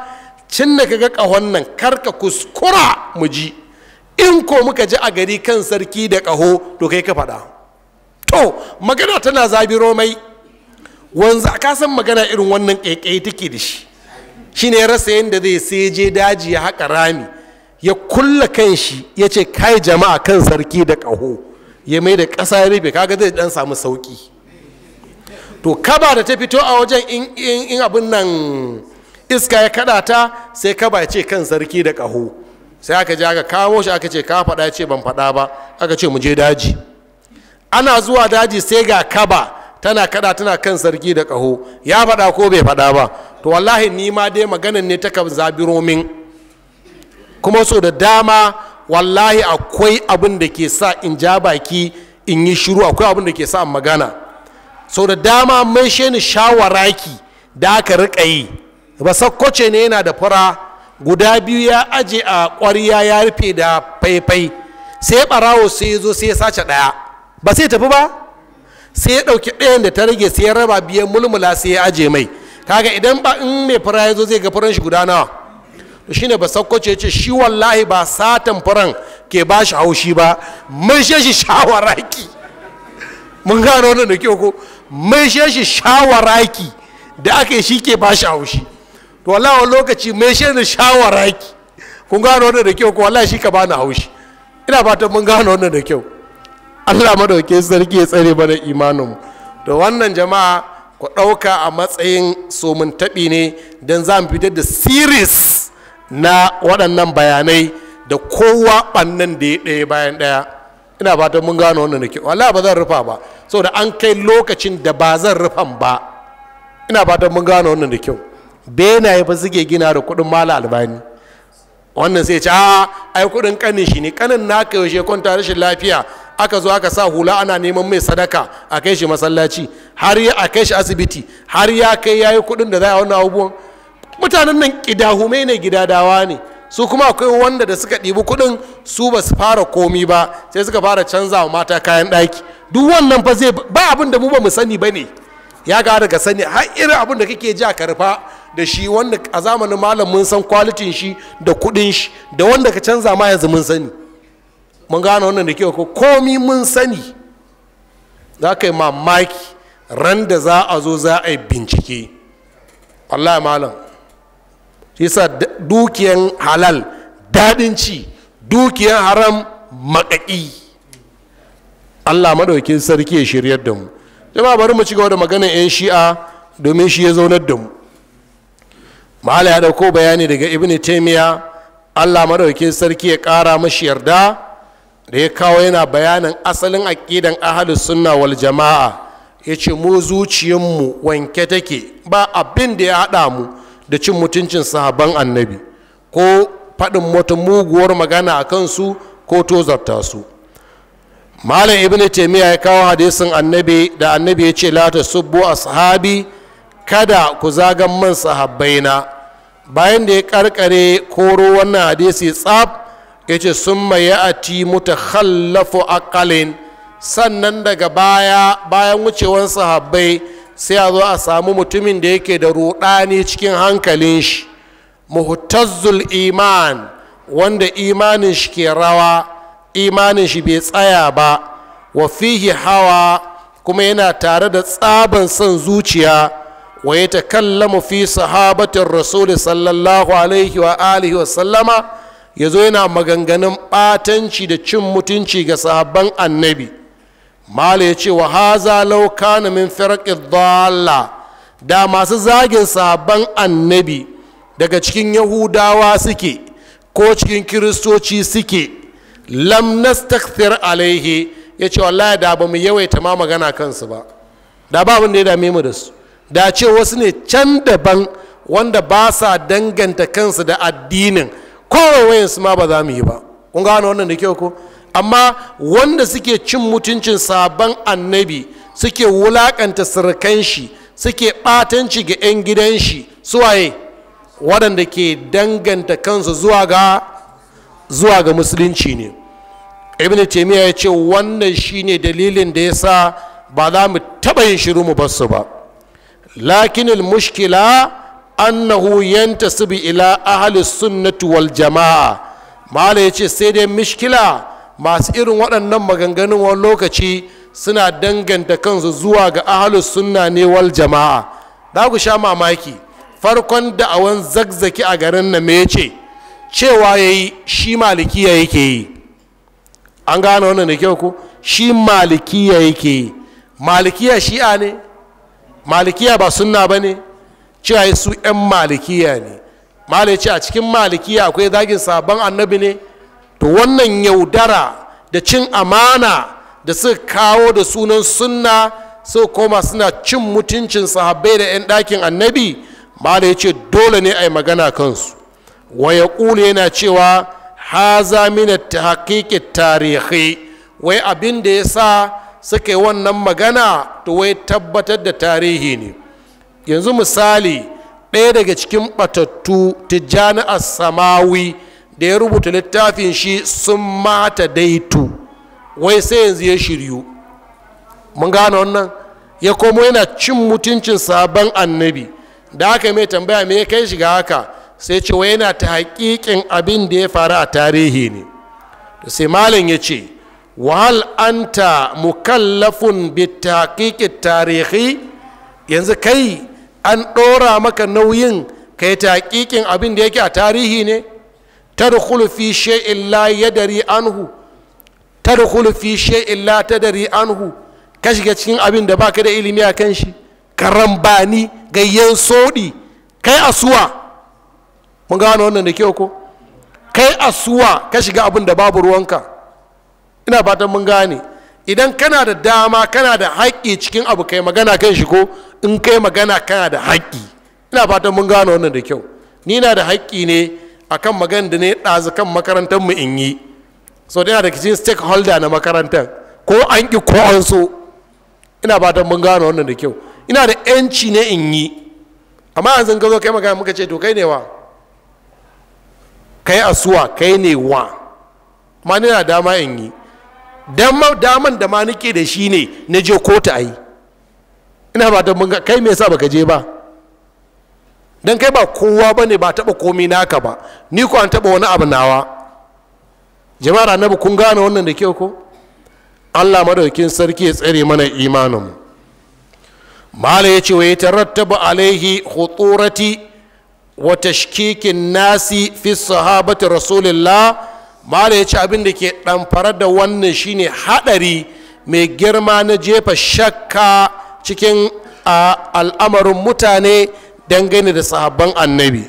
cin ka ga ƙahon nan karka kuskura mu ji in ko muka ji a gari kan sarki da ƙaho to kai ka faɗa to magana tana zabiromai. mai wanzu ka san magana irin wannan ƙaiƙayi take da shi shine ya rasa yadda zai sai je daji ya haƙa rami ya kulla kan shi ya ce kai jama'a kan sarki da ƙaho ya mai da ƙasa ya rufe kaga zai dan samu sauƙi to kaba da ta fito a wajen in abin nan iska ya kaɗa ta sai kaba ce kan sarki da ƙaho sai aka ja ga kawo shi aka ce ka faɗa ce ban faɗa ba aka ce mu je daji ana zuwa daji sai ga kaba tana kada tana kan sarki da ƙaho ya faɗa ko bai faɗa ba to wallahi ni ma dai maganan ne ta kan zabiro min kuma so da dama wallahi akwai abin da ke sa in ja baki in yi shiru akwai abin da ke sa magana so da dama mai ni shawara ki da aka riƙa yi ba sakkwace ne yana da fura guda biyu ya aje a ƙwariya ya rufe da faifai sai ɓarawo sai ya zo sai ya sace ɗaya ba sai tafi ba sai ya ɗauki ɗayan da ta rage sai ya raba biyan mulmula sai ya aje mai kaga idan ba in mai fura ya zo zai ga furan shi guda nawa to shine ba sakkwace ce shi wallahi ba satan furan ke ba shi haushi ba mun shi shawaraki mun gano wannan da kyau ko mun shi shawaraki da aka yi shi ke ba shi haushi to wallahi wani lokaci mun shi shawaraki kun gano wannan da kyau ko wallahi shi ka bani haushi ina fatan mun gano wannan da kyau allah madauke sarki ya tsare mana imaninmu da wannan jama'a ku ɗauka a matsayin somin taɓi ne don za mu fitar da series na waɗannan bayanai da kowa ɓannan da ya ɗaya bayan ɗaya ina fatan mun gano wannan da kyau wala ba zan rufa ba saboda an kai lokacin da ba zan rufan ba ina fatan mun gano wannan da kyau benaye ba suke gina da kuɗin mala albani wannan sai ce a ai kuɗin kanin shi ne kanin naka yaushe kwanta rashin lafiya aka zo aka sa hula ana neman mai sadaka a kai shi masallaci har ya kai shi asibiti har ya kai yayi kuɗin da za a wannan abubuwan mutanen nan kidahume ne gidadawa ne su kuma akwai wanda da suka ɗibi kuɗin su ba su fara komi ba sai suka fara canza wa mata kayan ɗaki duk wannan fa zai ba abin da mu ba mu sani ba ne ya ga daga sani har irin abin da kake ji a karfa da shi wanda a zamanin malam mun san kwalitin shi da kuɗin shi da wanda ka canza ma yanzu mun sani mun gane wannan da ke ko komi mun sani za ka yi mamaki ran da za a zo za a yi bincike allah malam shi sa dukiyan halal daɗin ci dukiyan haram makaƙi allah maɗaukin sarki ya shiryar da mu jama bari mu cigaba gaba da maganar 'yan shi'a domin shi ya zaunar da mu mahala ya ɗauko bayani daga ibn taimiya allah maɗaukin sarki ya ƙara mashi yarda da ya kawo yana bayanin asalin aƙidan ahalus sunna wal jama'a ya ce mu zuciyanmu wanke take ba abin da ya haɗa mu da cin mutuncin sahaban annabi ko faɗin wata muguwar magana a kansu ko tozarta su malam ibn taimiyya ya kawo hadisin annabi da annabi ya ce la a ashabi kada ku zagan man sahabbaina bayan da ya karkare koro wannan hadisi tsab ya ce sun maya'ati mutakhallafu aqalin sannan daga baya bayan wucewar sahabbai sai a zo a samu mutumin da yake da rudani cikin hankalin shi muhtazzul iman wanda imanin shi ke rawa imanin shi bai tsaya ba wa fihi hawa kuma yana tare da tsaban son zuciya wa ya takallamu fi sahabatin rasul sallallahu alaihi wa alihi wa sallama ya zo yana maganganun batanci da cin mutunci ga sahabban annabi mala ya ce wa haza lauka na min da masu zagin sahabban annabi daga cikin yahudawa suke ko cikin kiristoci suke lam nastakthir alaihi ya ce wallahi da ba mu yawaita ma magana kansu ba da ba abin da ya dame mu da su da ce wasu ne can daban wanda ba sa danganta kansu da addinin kowai wayansu ma ba za mu yi ba kun gano wannan da kyau ko amma wanda suke cin mutuncin sabon annabi suke wulakanta sirkan shi suke ɓatanci ga 'yan gidan shi suwaye waɗanda ke danganta kansu zuwa ga zuwa ga musulunci ne ibn taimiyya ya ce wannan shine dalilin da ya sa ba za mu taɓa yin shiru mu su ba lakinil mushkila annahu yantasibu ila ahli sunnati wal jama'a mala yace sai dai mishkila masu irin waɗannan maganganun wani lokaci suna danganta kansu zuwa ga ahli sunna ne wal jama'a da ku sha mamaki farkon da da'awan zagzaki a garin na me ce cewa yayi shi malikiya yake yi an gane wannan da kyau ko shi malikiya yake yi malikiya shi'a ne malikiya ba sunna ba ne cewa su 'yan malikiya ne malici a cikin malikiya akwai zagin sabon annabi ne to wannan yaudara da cin amana da suka kawo da sunan sunna su koma suna cin mutuncin sahabbai da 'yan ɗakin annabi malai ce dole ne a yi magana kansu waya yana cewa za mina ta tarihi wai abin da ya sa suka yi wannan magana to wai tabbatar da tarihi ne yanzu misali ɗaya daga cikin ɓatattu tijjani samawi da ya rubuta littafin shi sun mata daitu wai sai yanzu ya shiryu mun gane wannan ya komo yana cin mutuncin sabon annabi da aka mai tambaya ya kai shiga haka sai ce wai yana ta haƙiƙin abin da ya faru a tarihi ne sai malam ya ce wahal an anta mukallafun bi tarihi yanzu kai an ɗora maka nauyin ka yi taƙiƙin abin da yake a tarihi ne ta tadkhulu fi shay'in ya dari anhu tadkhulu fi shay'in ta dari anhu ka shiga cikin abin da ba ka da ilimi a kan shi karambani gayyen soɗi kai asuwa mun gano wannan da kyau ko kai asuwa ka shiga abin da babu ruwanka ina fatan mun gane idan kana da dama kana da haƙƙi cikin abu kai magana kan shi ko in kai magana kana da haƙƙi ina fatan mun gano wannan da kyau ni na da haƙƙi ne akan magana da ne ɗazu kan makarantar mu in yi so da da cikin stakeholder na makarantar ko an ƙi ko an so ina fatan mun gano wannan da kyau ina da ƴanci ne in yi amma yanzu ka zo kai magana muka ce to kai ne wa kai asuwa kai ne wa ma ni na dama in yi dan daman da ma nake da shi ne na je kotu a yi ina ba don kai me yasa baka je ba dan kai ba kowa ba ne ba taɓa komi naka ba ni ko an taɓa wani abu nawa jama'ar annabi kun gane wannan da kyau ko allah madaukin sarki ya tsare mana imaninmu mala ya ce wa ya tarattaba alaihi khuturati wa tashkikin nasi fi sahabati rasulillah malai ya ci abin da ke ɗamfara da wannan shine haɗari mai girma na jefa shakka cikin al'amarin mutane dangane da sahabban annabi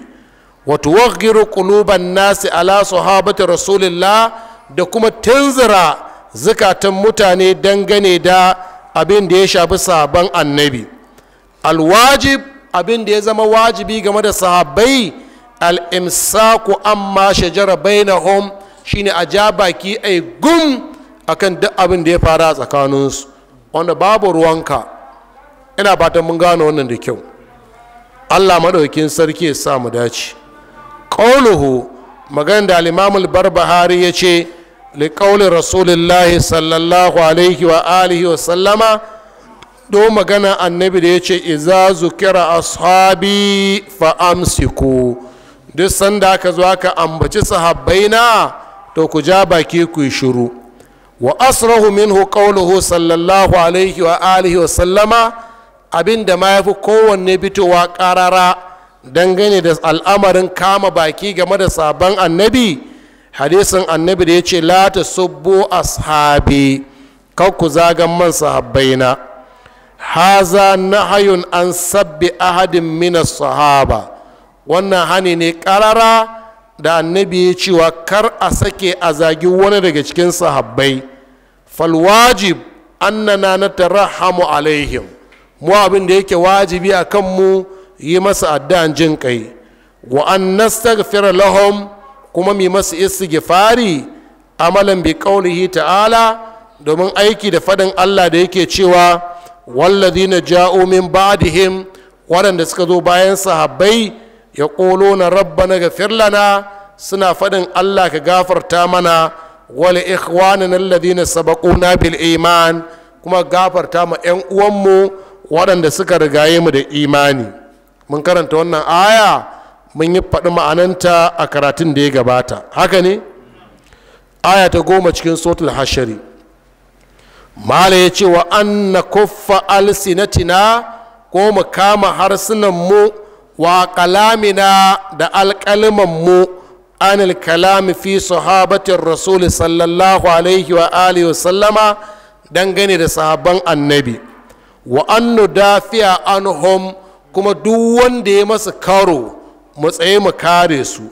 wato wagiru kuluban nasi ala sahabati rasulillah da kuma tanzira zukatan mutane dangane da abin da ya shafi sahabban annabi alwajib abin da ya zama wajibi game da sahabbai al'imsaku amma shajara bainahum shine a ja baki a gum akan duk abin da ya fara tsakaninsu wanda babu ruwanka ina fatan mun gano wannan da kyau allah maɗaukin sarki ya sa mu dace ƙauluhu magan da alimamul barbahari ya ce liƙaulin rasulullahi sallallahu alaihi wa alihi wa sallama do magana annabi da ya ce iza zukira ashabi fa amsiku duk sanda ka zo ka ambaci sahabbaina to ku ja baki ku yi shiru wa asrahu minhu qawluhu sallallahu alaihi wa alihi wa sallama abinda ma yafi kowanne bitowa karara dangane da al'amarin kama baki game da sabon annabi hadisin annabi da ya ce la tasubbu ashabi kar ku zagan man sahabbaina haza nahayun an sabbi ahadin min sahaba wannan hani ne karara da annabi ya cewa kar a sake a zagi wani daga cikin sahabbai falwajib annana na tarahamu alaihim mu abin da yake wajibi a kanmu yi masa addan jin kai wa an nastaghfira lahum kuma mi masa istighfari amalan bi qaulihi ta'ala domin aiki da fadin Allah da yake cewa wallazina ja'u min ba'dihim waɗanda suka zo bayan sahabbai ya ƙolo na rabba na gafir lana suna faɗin allah ka gafarta mana wal ikhwanin alladhina sabaquna bil iman kuma gafarta ma yan uwanmu waɗanda suka rigaye mu da imani mun karanta wannan aya mun yi faɗi ma'ananta a karatun da ya gabata haka ne aya ta goma cikin sotul hashari mala ya ce wa an na kuffa alsinatina ko mu kama harsunan mu wa kalamina da mu an alkalami fi sahabatin rasul sallallahu alaihi wa alihi sallama dangane da sahabban annabi wa annu dafiya anhum kuma duk wanda ya masa karo mu tsaye mu kare su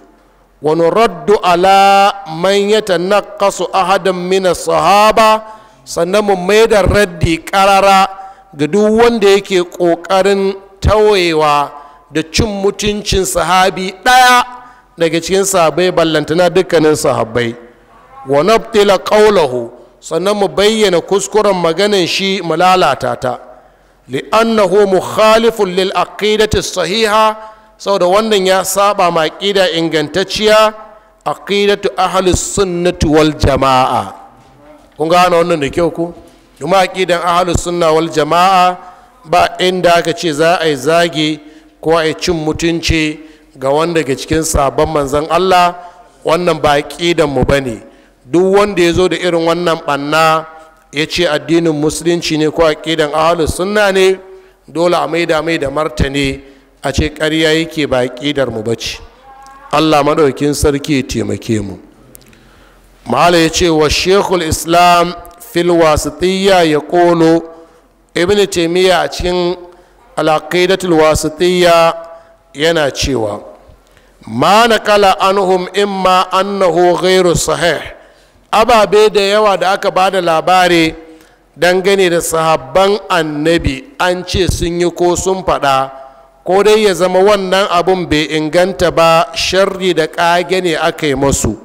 wa nuraddu ala man yatanaqqasu ahadan min sahaba sannan mu mai da raddi karara ga duk wanda yake kokarin tawayewa da cin mutuncin sahabi ɗaya daga cikin sahabai ballantana dukkanin sahabbai wa nabtila qawlahu sannan mu bayyana kuskuren maganan shi mu lalata ta li'annahu mukhalifun lil aqidati sahiha saboda wannan ya saba ma aqida ingantacciya aqidatu ahli sunnati wal jama'a kun gane wannan da kyau ku kuma aqidan ahli sunna wal jama'a ba inda aka ce za a yi zage. ko a cin mutunci ga wanda ke cikin sabon manzan allah wannan ba mu bane duk wanda ya zo da irin wannan ɓanna ya ce addinin musulunci ne ko aƙidan ahalus sunna ne dole a maida mai da martani a ce ƙarya yake ba aƙidar mu bace allah maɗaukin sarki taimake mu mahala ya ce wa shekul islam fil wasitiyya ya ƙolo ibn taimiyya a cikin al'aqidatul wasitiyya yana cewa ma naqala anhum imma annahu ghairu sahih ababe da yawa da aka ba da labari dangane da sahabban annabi an ce sun yi ko sun faɗa ko dai ya zama wannan abun bai inganta ba sharri da ƙage ne aka yi masu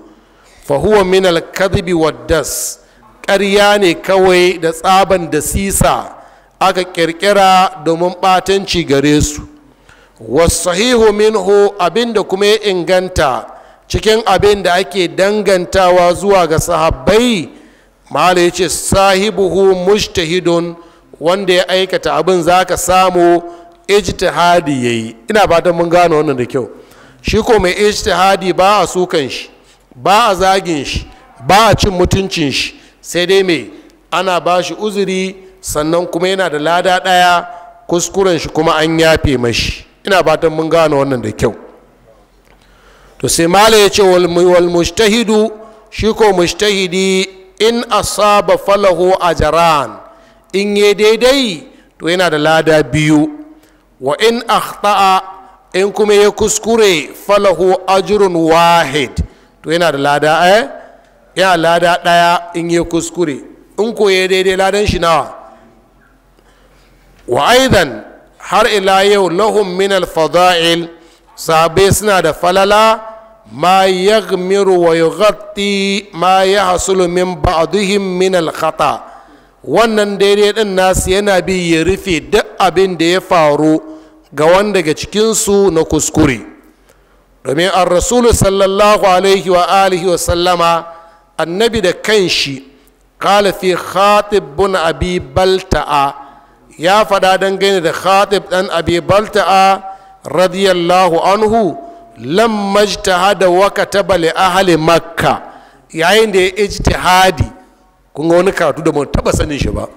fahuwa min alkadhibi waddas ƙarya ne kawai da tsaban da sisa aka kirkira domin batanci gare su wasahihu minhu abinda kuma ya inganta cikin abin da ake dangantawa zuwa ga sahabbai mahala ya ce sahibuhu mushtahidun wanda ya aikata abin za ka samu ijtihadi ya yi ina fatan mun gano wannan da kyau shi ko mai ijtihadi ba a sukan shi ba a zagin shi ba a cin mutuncin shi sai dai mai ana ba shi uzuri sannan kuma yana da lada ɗaya kuskuren shi kuma an yafe mashi ina fatan mun gane wannan da kyau to sai mala ya ce wal mushtahidu shi ko mushtahidi in asaba falahu ajran in yi daidai to yana da lada biyu wa in akhta'a in kuma ya kuskure falahu ajrun wahid to yana da lada eh ya lada daya in ya kuskure in ko ya daidai ladan shi nawa wa aidan har ila yau lahum min al-fada'il sabe suna da falala ma yaghmiru wa yughatti ma yahsulu min ba'dihim min al-khata wannan daidai din nasu yana bi ya rufe duk abin da ya faru ga wanda daga cikinsu na kuskure domin an rasulu sallallahu alaihi wa alihi wa sallama annabi da kanshi kala fi khatib bin abi balta'a ya faɗa dangane da khatib ɗan abi balta'a radiyallahu anhu hada ijtahada wa kataba li ahli makka yayin da ya ijtihadi kun ga wani karatu da mun taba sanin shi ba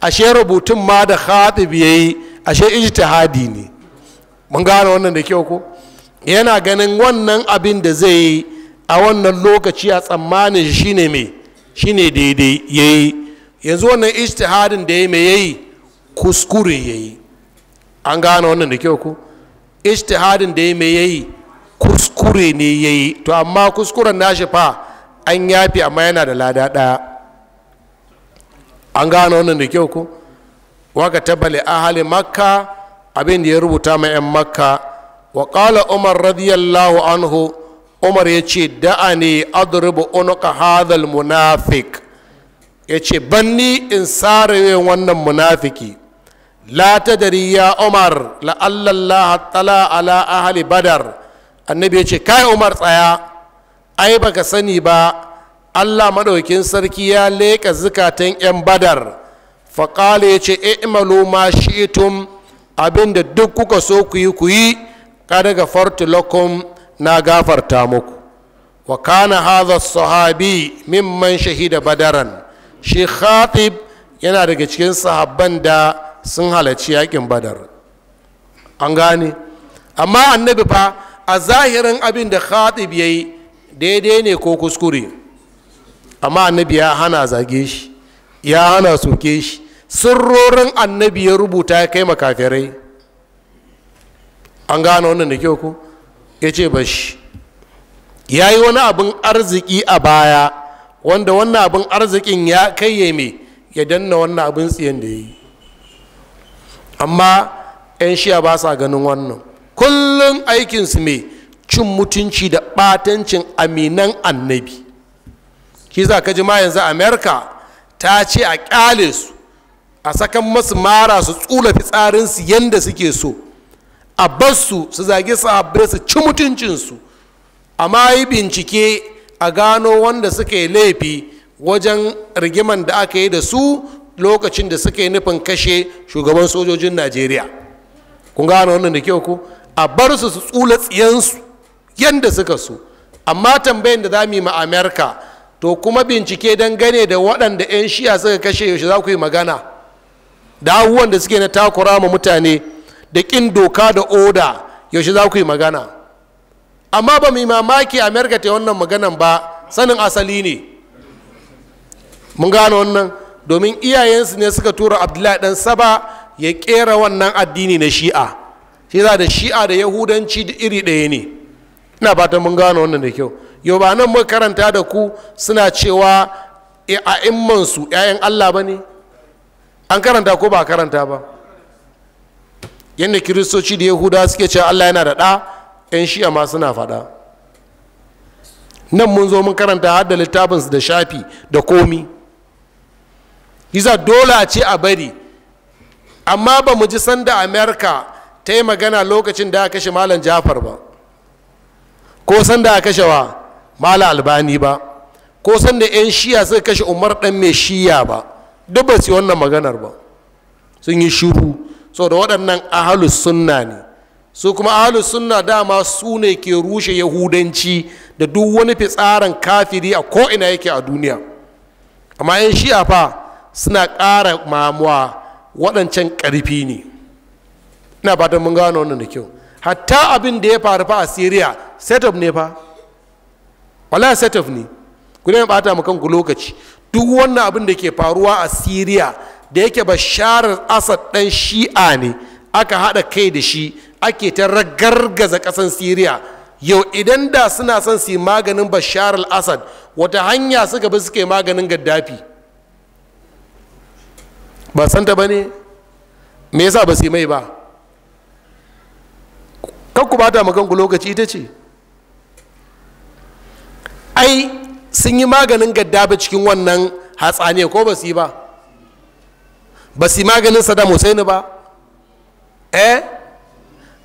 ashe rubutun ma da khatib yayi ashe ijtihadi ne mun gane wannan da kyau ko yana ganin wannan abin da zai yi a wannan lokaci a tsammanin shi shine me shine daidai yayi yanzu wannan ijtihadin da yayi me yayi kuskure ya yi an gane wannan da kyau ku ijtihadin da ya mai ya yi kuskure ne ya yi to amma kuskuren nashi fa an yafi amma yana da lada ɗaya an gane wannan da kyau ku waka tabbali ahali makka abin da ya rubuta ma 'yan makka wa ƙala umar radiyallahu anhu umar ya ce da'a ne adrubu unuka hadal munafik ya ce banni in sare wannan munafiki la dari ya umar la'allallaha tala ala ahali badar annabi ya ce kai umar tsaya ai baka sani ba allah maɗaukin sarki ya leƙa zukatan 'yan badar faƙala ya ce i'malu ma shi'tum abinda duk kuka so ku yi ku yi kada gafartu lakum na gafarta muku wa kana hadha sahabi mimman shahida badaran shi khatib yana daga cikin sahabban da sun halarci yakin badar an gane amma annabi fa a zahirin abin da khatib ya daidai ne ko kuskure amma annabi ya hana zage shi ya hana soke shi sirrorin annabi ya rubuta ya kai makafirai an gane wannan da kyau ko ya ce ba shi ya yi wani abin arziki a baya wanda wannan abin arzikin ya kai ya ya danna wannan abin tsiyan da ya yi amma 'yan shiya ba sa ganin wannan kullum aikinsu mai cin mutunci da ɓatancin aminan annabi ki za ka ji ma yanzu amerika ta ce a ƙyale su a sakan masu mara su tsula fitsarinsu yadda suke so a bassu su zage sahabbai su ci mutuncinsu amma yi bincike a gano wanda suka yi laifi wajen rigiman da aka yi da su lokacin da suka yi nufin kashe shugaban sojojin najeriya kun gano wannan da kyau ku? a bar su su tsula tsiyansu yadda suka so amma tambayin da za mu yi ma amerika to kuma bincike don gane da waɗanda 'yan shiya suka kashe yaushe za ku yi magana da abubuwan da suke na takura ma mutane da ƙin doka da oda yaushe za ku yi magana amma ba mu yi mamaki amerika ta wannan maganan ba sanin asali ne mun gano wannan domin iyayensu ne suka tura abdullahi dan saba ya kera wannan addini na shi'a shi za da shi'a da yahudanci da iri ɗaya ne ina fatan mun gano wannan da kyau yau ba nan mun karanta da ku suna cewa e, a immansu 'ya'yan allah ba ne an karanta ko ba karanta ba yadda kiristoci da yahuda suke cewa allah yana da ɗa 'yan shi'a ma suna faɗa nan mun zo mun karanta har da littafinsu da shafi da komi giza dole a ce a bari amma ba mu ji sanda america ta yi magana lokacin da aka kashe malam jafar ba ko sanda aka kashe wa malam albani ba ko sanda 'yan shiya suka kashe umar dan mai shiya ba duk ba su wannan maganar ba sun yi shiru da waɗannan ahalus sunna ne su kuma ahalus sunna dama su ne ke rushe yahudanci da duk wani fitsarin kafiri a ko'ina yake a duniya amma 'yan shi'a fa suna ƙara mamuwa waɗancan ƙarfi ne ina ba mun gano wannan da kyau hatta abin da ya faru fa a syria setup ne fa wala setup ne ku ne bata mu ku lokaci duk wannan abin da ke faruwa a syria da yake basharar asad ɗan shi'a ne aka haɗa kai da shi ake ta ragargaza ƙasan syria yau idan da suna son su yi maganin Basharar al wata hanya suka bi suke maganin gaddafi ba santa ba ne me yasa ba su mai ba kan ku bata ma ganku lokaci ita ce ai sun yi maganin gaddafi cikin wannan hatsane ko ba su yi ba ba su yi maganin saddam hussein ba eh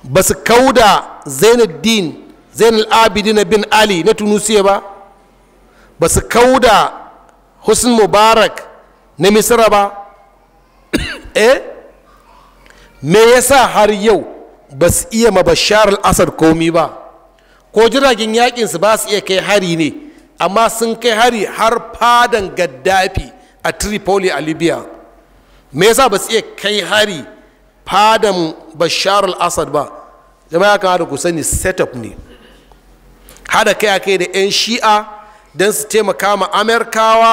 ba su kauda zainuddin zainul abidin bin ali na tunusiya ba ba su kauda husn mubarak na misira ba eh me yasa har yau ba su iya ma bashar al-asad komi ba ko jiragen yakin su ba su iya kai hari ne amma sun kai hari har fadan gaddafi a tripoli a libya me yasa ba su iya kai hari fadan bashar al-asad ba jama'a ka da ku sani setup ne hada kai a kai da 'yan shi'a don su taimaka ma amerikawa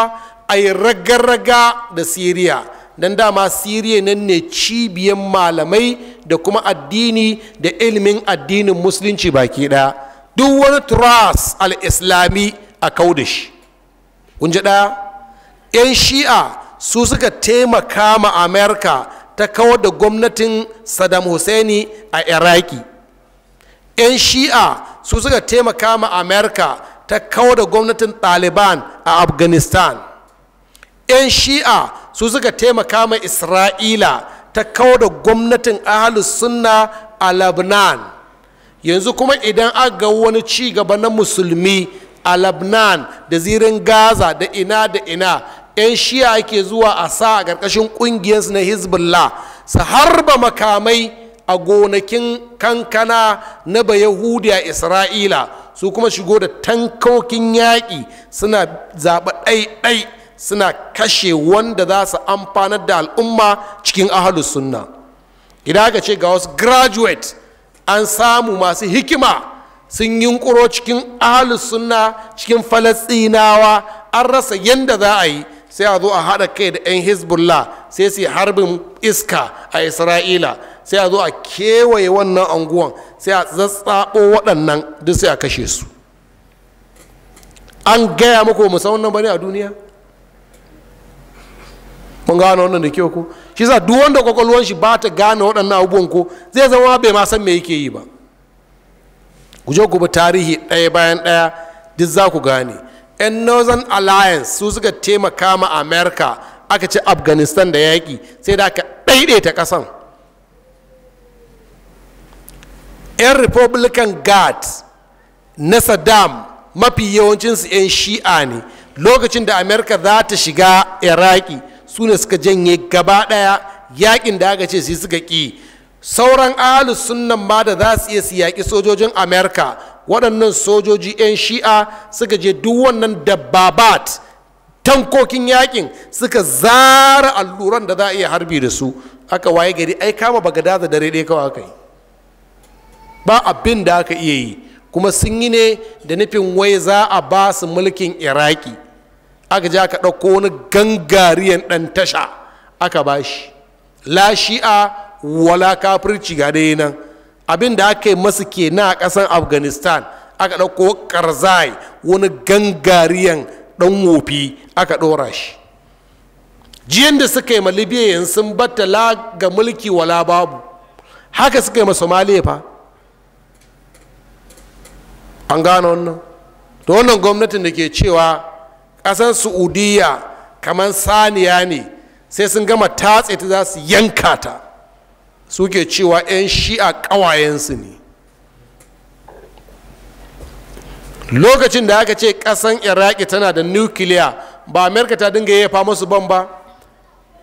a yi raga-raga da siriya don dama siriya nan ne cibiyar malamai da kuma addini da ilimin addinin musulunci baki ɗaya duk wani turas al-islami a kaudish kun ji ɗaya 'yan shi'a su suka taimaka ma amerika ta kawar da gwamnatin saddam hussein a iraki 'yan shi'a su suka taimaka ma amerika ta kawar da gwamnatin taliban a afghanistan 'yan shi'a su suka taimaka ma isra'ila ta kawo da gwamnatin ahalus sunna a labnan yanzu kuma idan aka ga wani ci gaba na musulmi a labnan da zirin gaza da ina da ina 'yan shiya ake zuwa a sa a ƙarƙashin ƙungiyarsu na hezbollah su harba makamai a gonakin kankana na bayahudi a isra'ila su kuma shigo da tankokin yaƙi suna zaɓa ɗai-ɗai suna kashe wanda za su amfanar da al'umma cikin ahalus sunna idan aka ce ga wasu graduate an samu masu hikima sun yunkuro cikin ahalus sunna cikin falasinawa an rasa yadda za a yi sai a zo a haɗa kai da 'yan hezbollah sai su harbin iska a isra'ila sai a zo a kewaye wannan anguwan sai a zazzabo waɗannan duk sai a kashe su an gaya muku musamman ba ne a duniya kun gane wannan da kyau ko shi sa duk wanda kwakwalwar shi ba ta gane waɗannan abubuwan ko zai zama bai ma san me yake yi ba ku je ku bi tarihi ɗaya bayan ɗaya duk za ku gane yan northern alliance su suka taimaka ma america aka ci afghanistan da yaƙi sai da aka ɗaiɗaita ƙasan yan republican guard na saddam mafi yawancinsu yan shi'a ne lokacin da america za ta shiga iraki su ne suka janye gaba ɗaya yakin da aka ce su suka ƙi sauran ahalus sunnan ma da za su iya su yaƙi sojojin amerika waɗannan sojoji 'yan shi'a suka je duk wannan dabbabat tankokin yakin suka zara alluran da za a iya harbi da su aka waye gari ai kama bagada da dare ɗaya kawai aka yi ba abin da aka iya yi kuma sun yi ne da nufin wai za a ba su mulkin iraki aka je aka ɗauko wani gangariyan ɗan tasha aka bashi la shi'a wala kafirci ga dai nan abinda aka yi masu ke na a ƙasan afghanistan aka ɗauko karzai wani gangariyan ɗan wofi aka ɗora shi jiyan da suka yi ma libya sun batta ga mulki wala babu haka suka yi ma somaliya fa an gano wannan to wannan gwamnatin da ke cewa ƙasar saudiya kamar saniya ne sai sun gama tatse ta za su yanka ta suke cewa 'yan shi'a ƙawayensu ne lokacin da aka ce ƙasan iraki tana da nukiliya ba amerika ta dinga yafa musu ban ba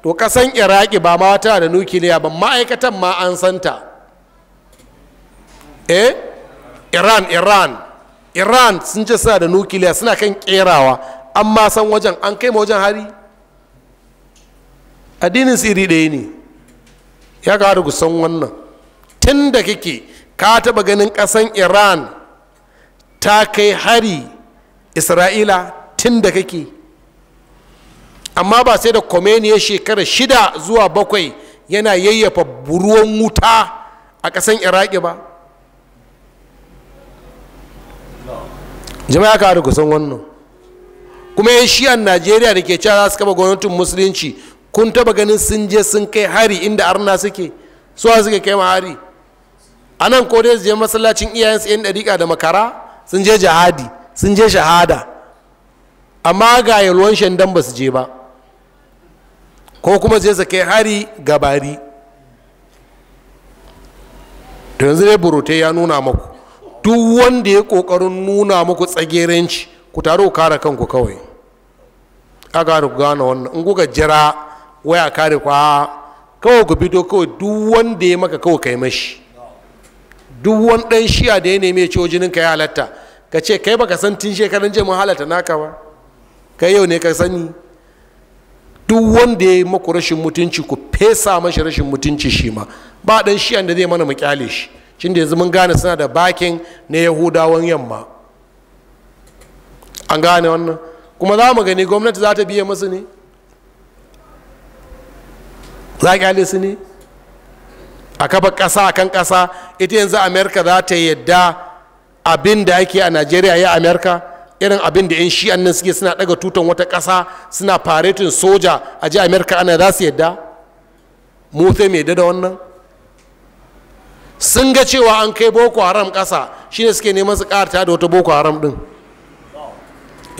to ƙasan iraki ba ma tana da nukiliya ba ma'aikatan ma an santa eh iran iran iran sun ce suna da nukiliya suna kan kerawa an ma san wajen an kai ma wajen hari addinin siri ɗaya ne ya gara ku san wannan tun da kike ka taɓa ganin ƙasan iran ta kai hari isra'ila tun da kake amma ba sai da komeni ya shekara shida zuwa bakwai yana yayyafa ruwan wuta a ƙasan iraki ba jama'a ka da kusan wannan kuma yan shiyan najeriya da ke cewa za su kafa gwamnatin musulunci kun taba ganin sun je sun kai hari inda arna suke suwa suke kai ma hari a nan ko dai su je masallacin iyayensu yan dariƙa da makara sun je jihadi sun je shahada amma ga yalwan shandan ba su je ba ko kuma je su kai hari gabari to yanzu dai burutai ya nuna maku duk wanda ya ƙoƙarin nuna muku tsagerenci ku taru ku kare kanku kawai a gane ku gane wannan in kuka jira waya kare ku a kawai ku fito kawai duk wanda ya maka kawai kai mashi duk wani ɗan shiya da ya nemi ciwo jinin ka ya halatta ka ce kai baka san tun shekarun je halatta naka ba kai yau ne ka sani duk wanda ya yi maku rashin mutunci ku fesa mashi rashin mutunci shi ma ba ɗan shiyan da zai mana mu kyale shi cin da yanzu mun gane suna da bakin na yahudawan yamma an gane wannan kuma za mu gani gwamnati za ta biya masu ne za ki su ne a kafa ƙasa a kan ƙasa ita yanzu amerika za ta yadda abin da ake a najeriya ya amerika irin abin da 'yan shi nan suke suna daga tutan wata kasa suna faretin soja a ji amerika ana za su yadda mu sai mai da wannan sun ga cewa an kai boko haram ƙasa shine suke neman su karta da wata boko haram din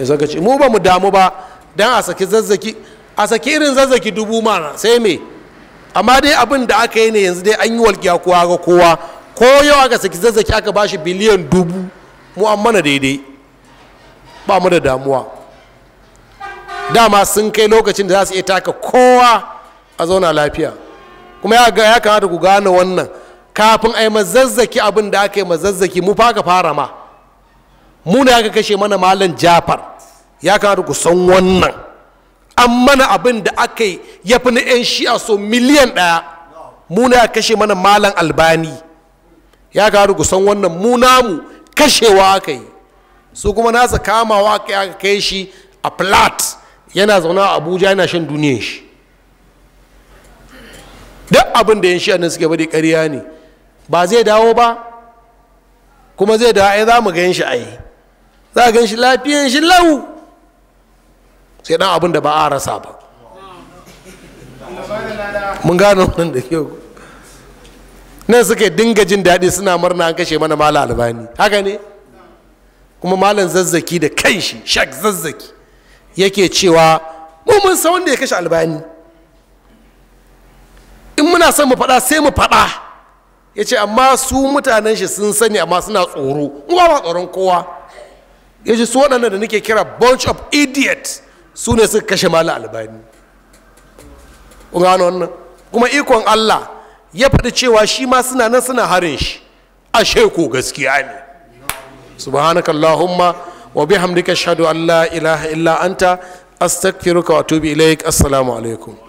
ya zaka ce mu ba mu damu ba don a saki zazzaki a saki irin zazzaki dubu mana sai me amma dai abin da aka yi ne yanzu dai an yi walƙiya kowa ga kowa ko yau aka saki zazzaki aka bashi biliyan dubu mu an mana daidai ba mu da damuwa dama sun kai lokacin da za su iya taka kowa a zauna lafiya kuma ya kamata ku gane wannan kafin a yi mazazzaki abin da aka yi mazazzaki mu fa ka fara ma mu ne aka kashe mana malam jafar ya kamata ku san wannan an mana abin da aka yi ya fi na 'yan shi'a so miliyan ɗaya mu ne aka kashe mana malam albani ya kamata ku san wannan mu namu kashewa aka yi su kuma nasa kamawa aka kai shi a flat yana zauna a abuja yana shan duniyan shi duk abin da 'yan shi'a nan suke bari ƙarya ne ba zai dawo ba kuma zai dawo ai za mu gan shi ai za a gan shi lafiyan shi lau sai dan abin da ba a rasa ba mun gano nan da kyau nan suka dinga jin daɗi suna murna an kashe mana malam albani haka ne kuma malam zazzaki da kanshi shak zazzaki yake cewa mu mun san wanda ya kashe albani in muna son mu faɗa sai mu faɗa ya ce amma su mutanen shi sun sani amma suna tsoro mu ba tsoron kowa ya ce su waɗannan da nake kira bunch of idiots su ne suka kashe mali albani gano wannan kuma ikon allah ya faɗi cewa shi ma suna nan suna harin shi a sheku gaskiya ne allahumma wa bihamdika ashhadu an la ilaha illa anta astaghfiruka wa atubu ilaik assalamu alaikum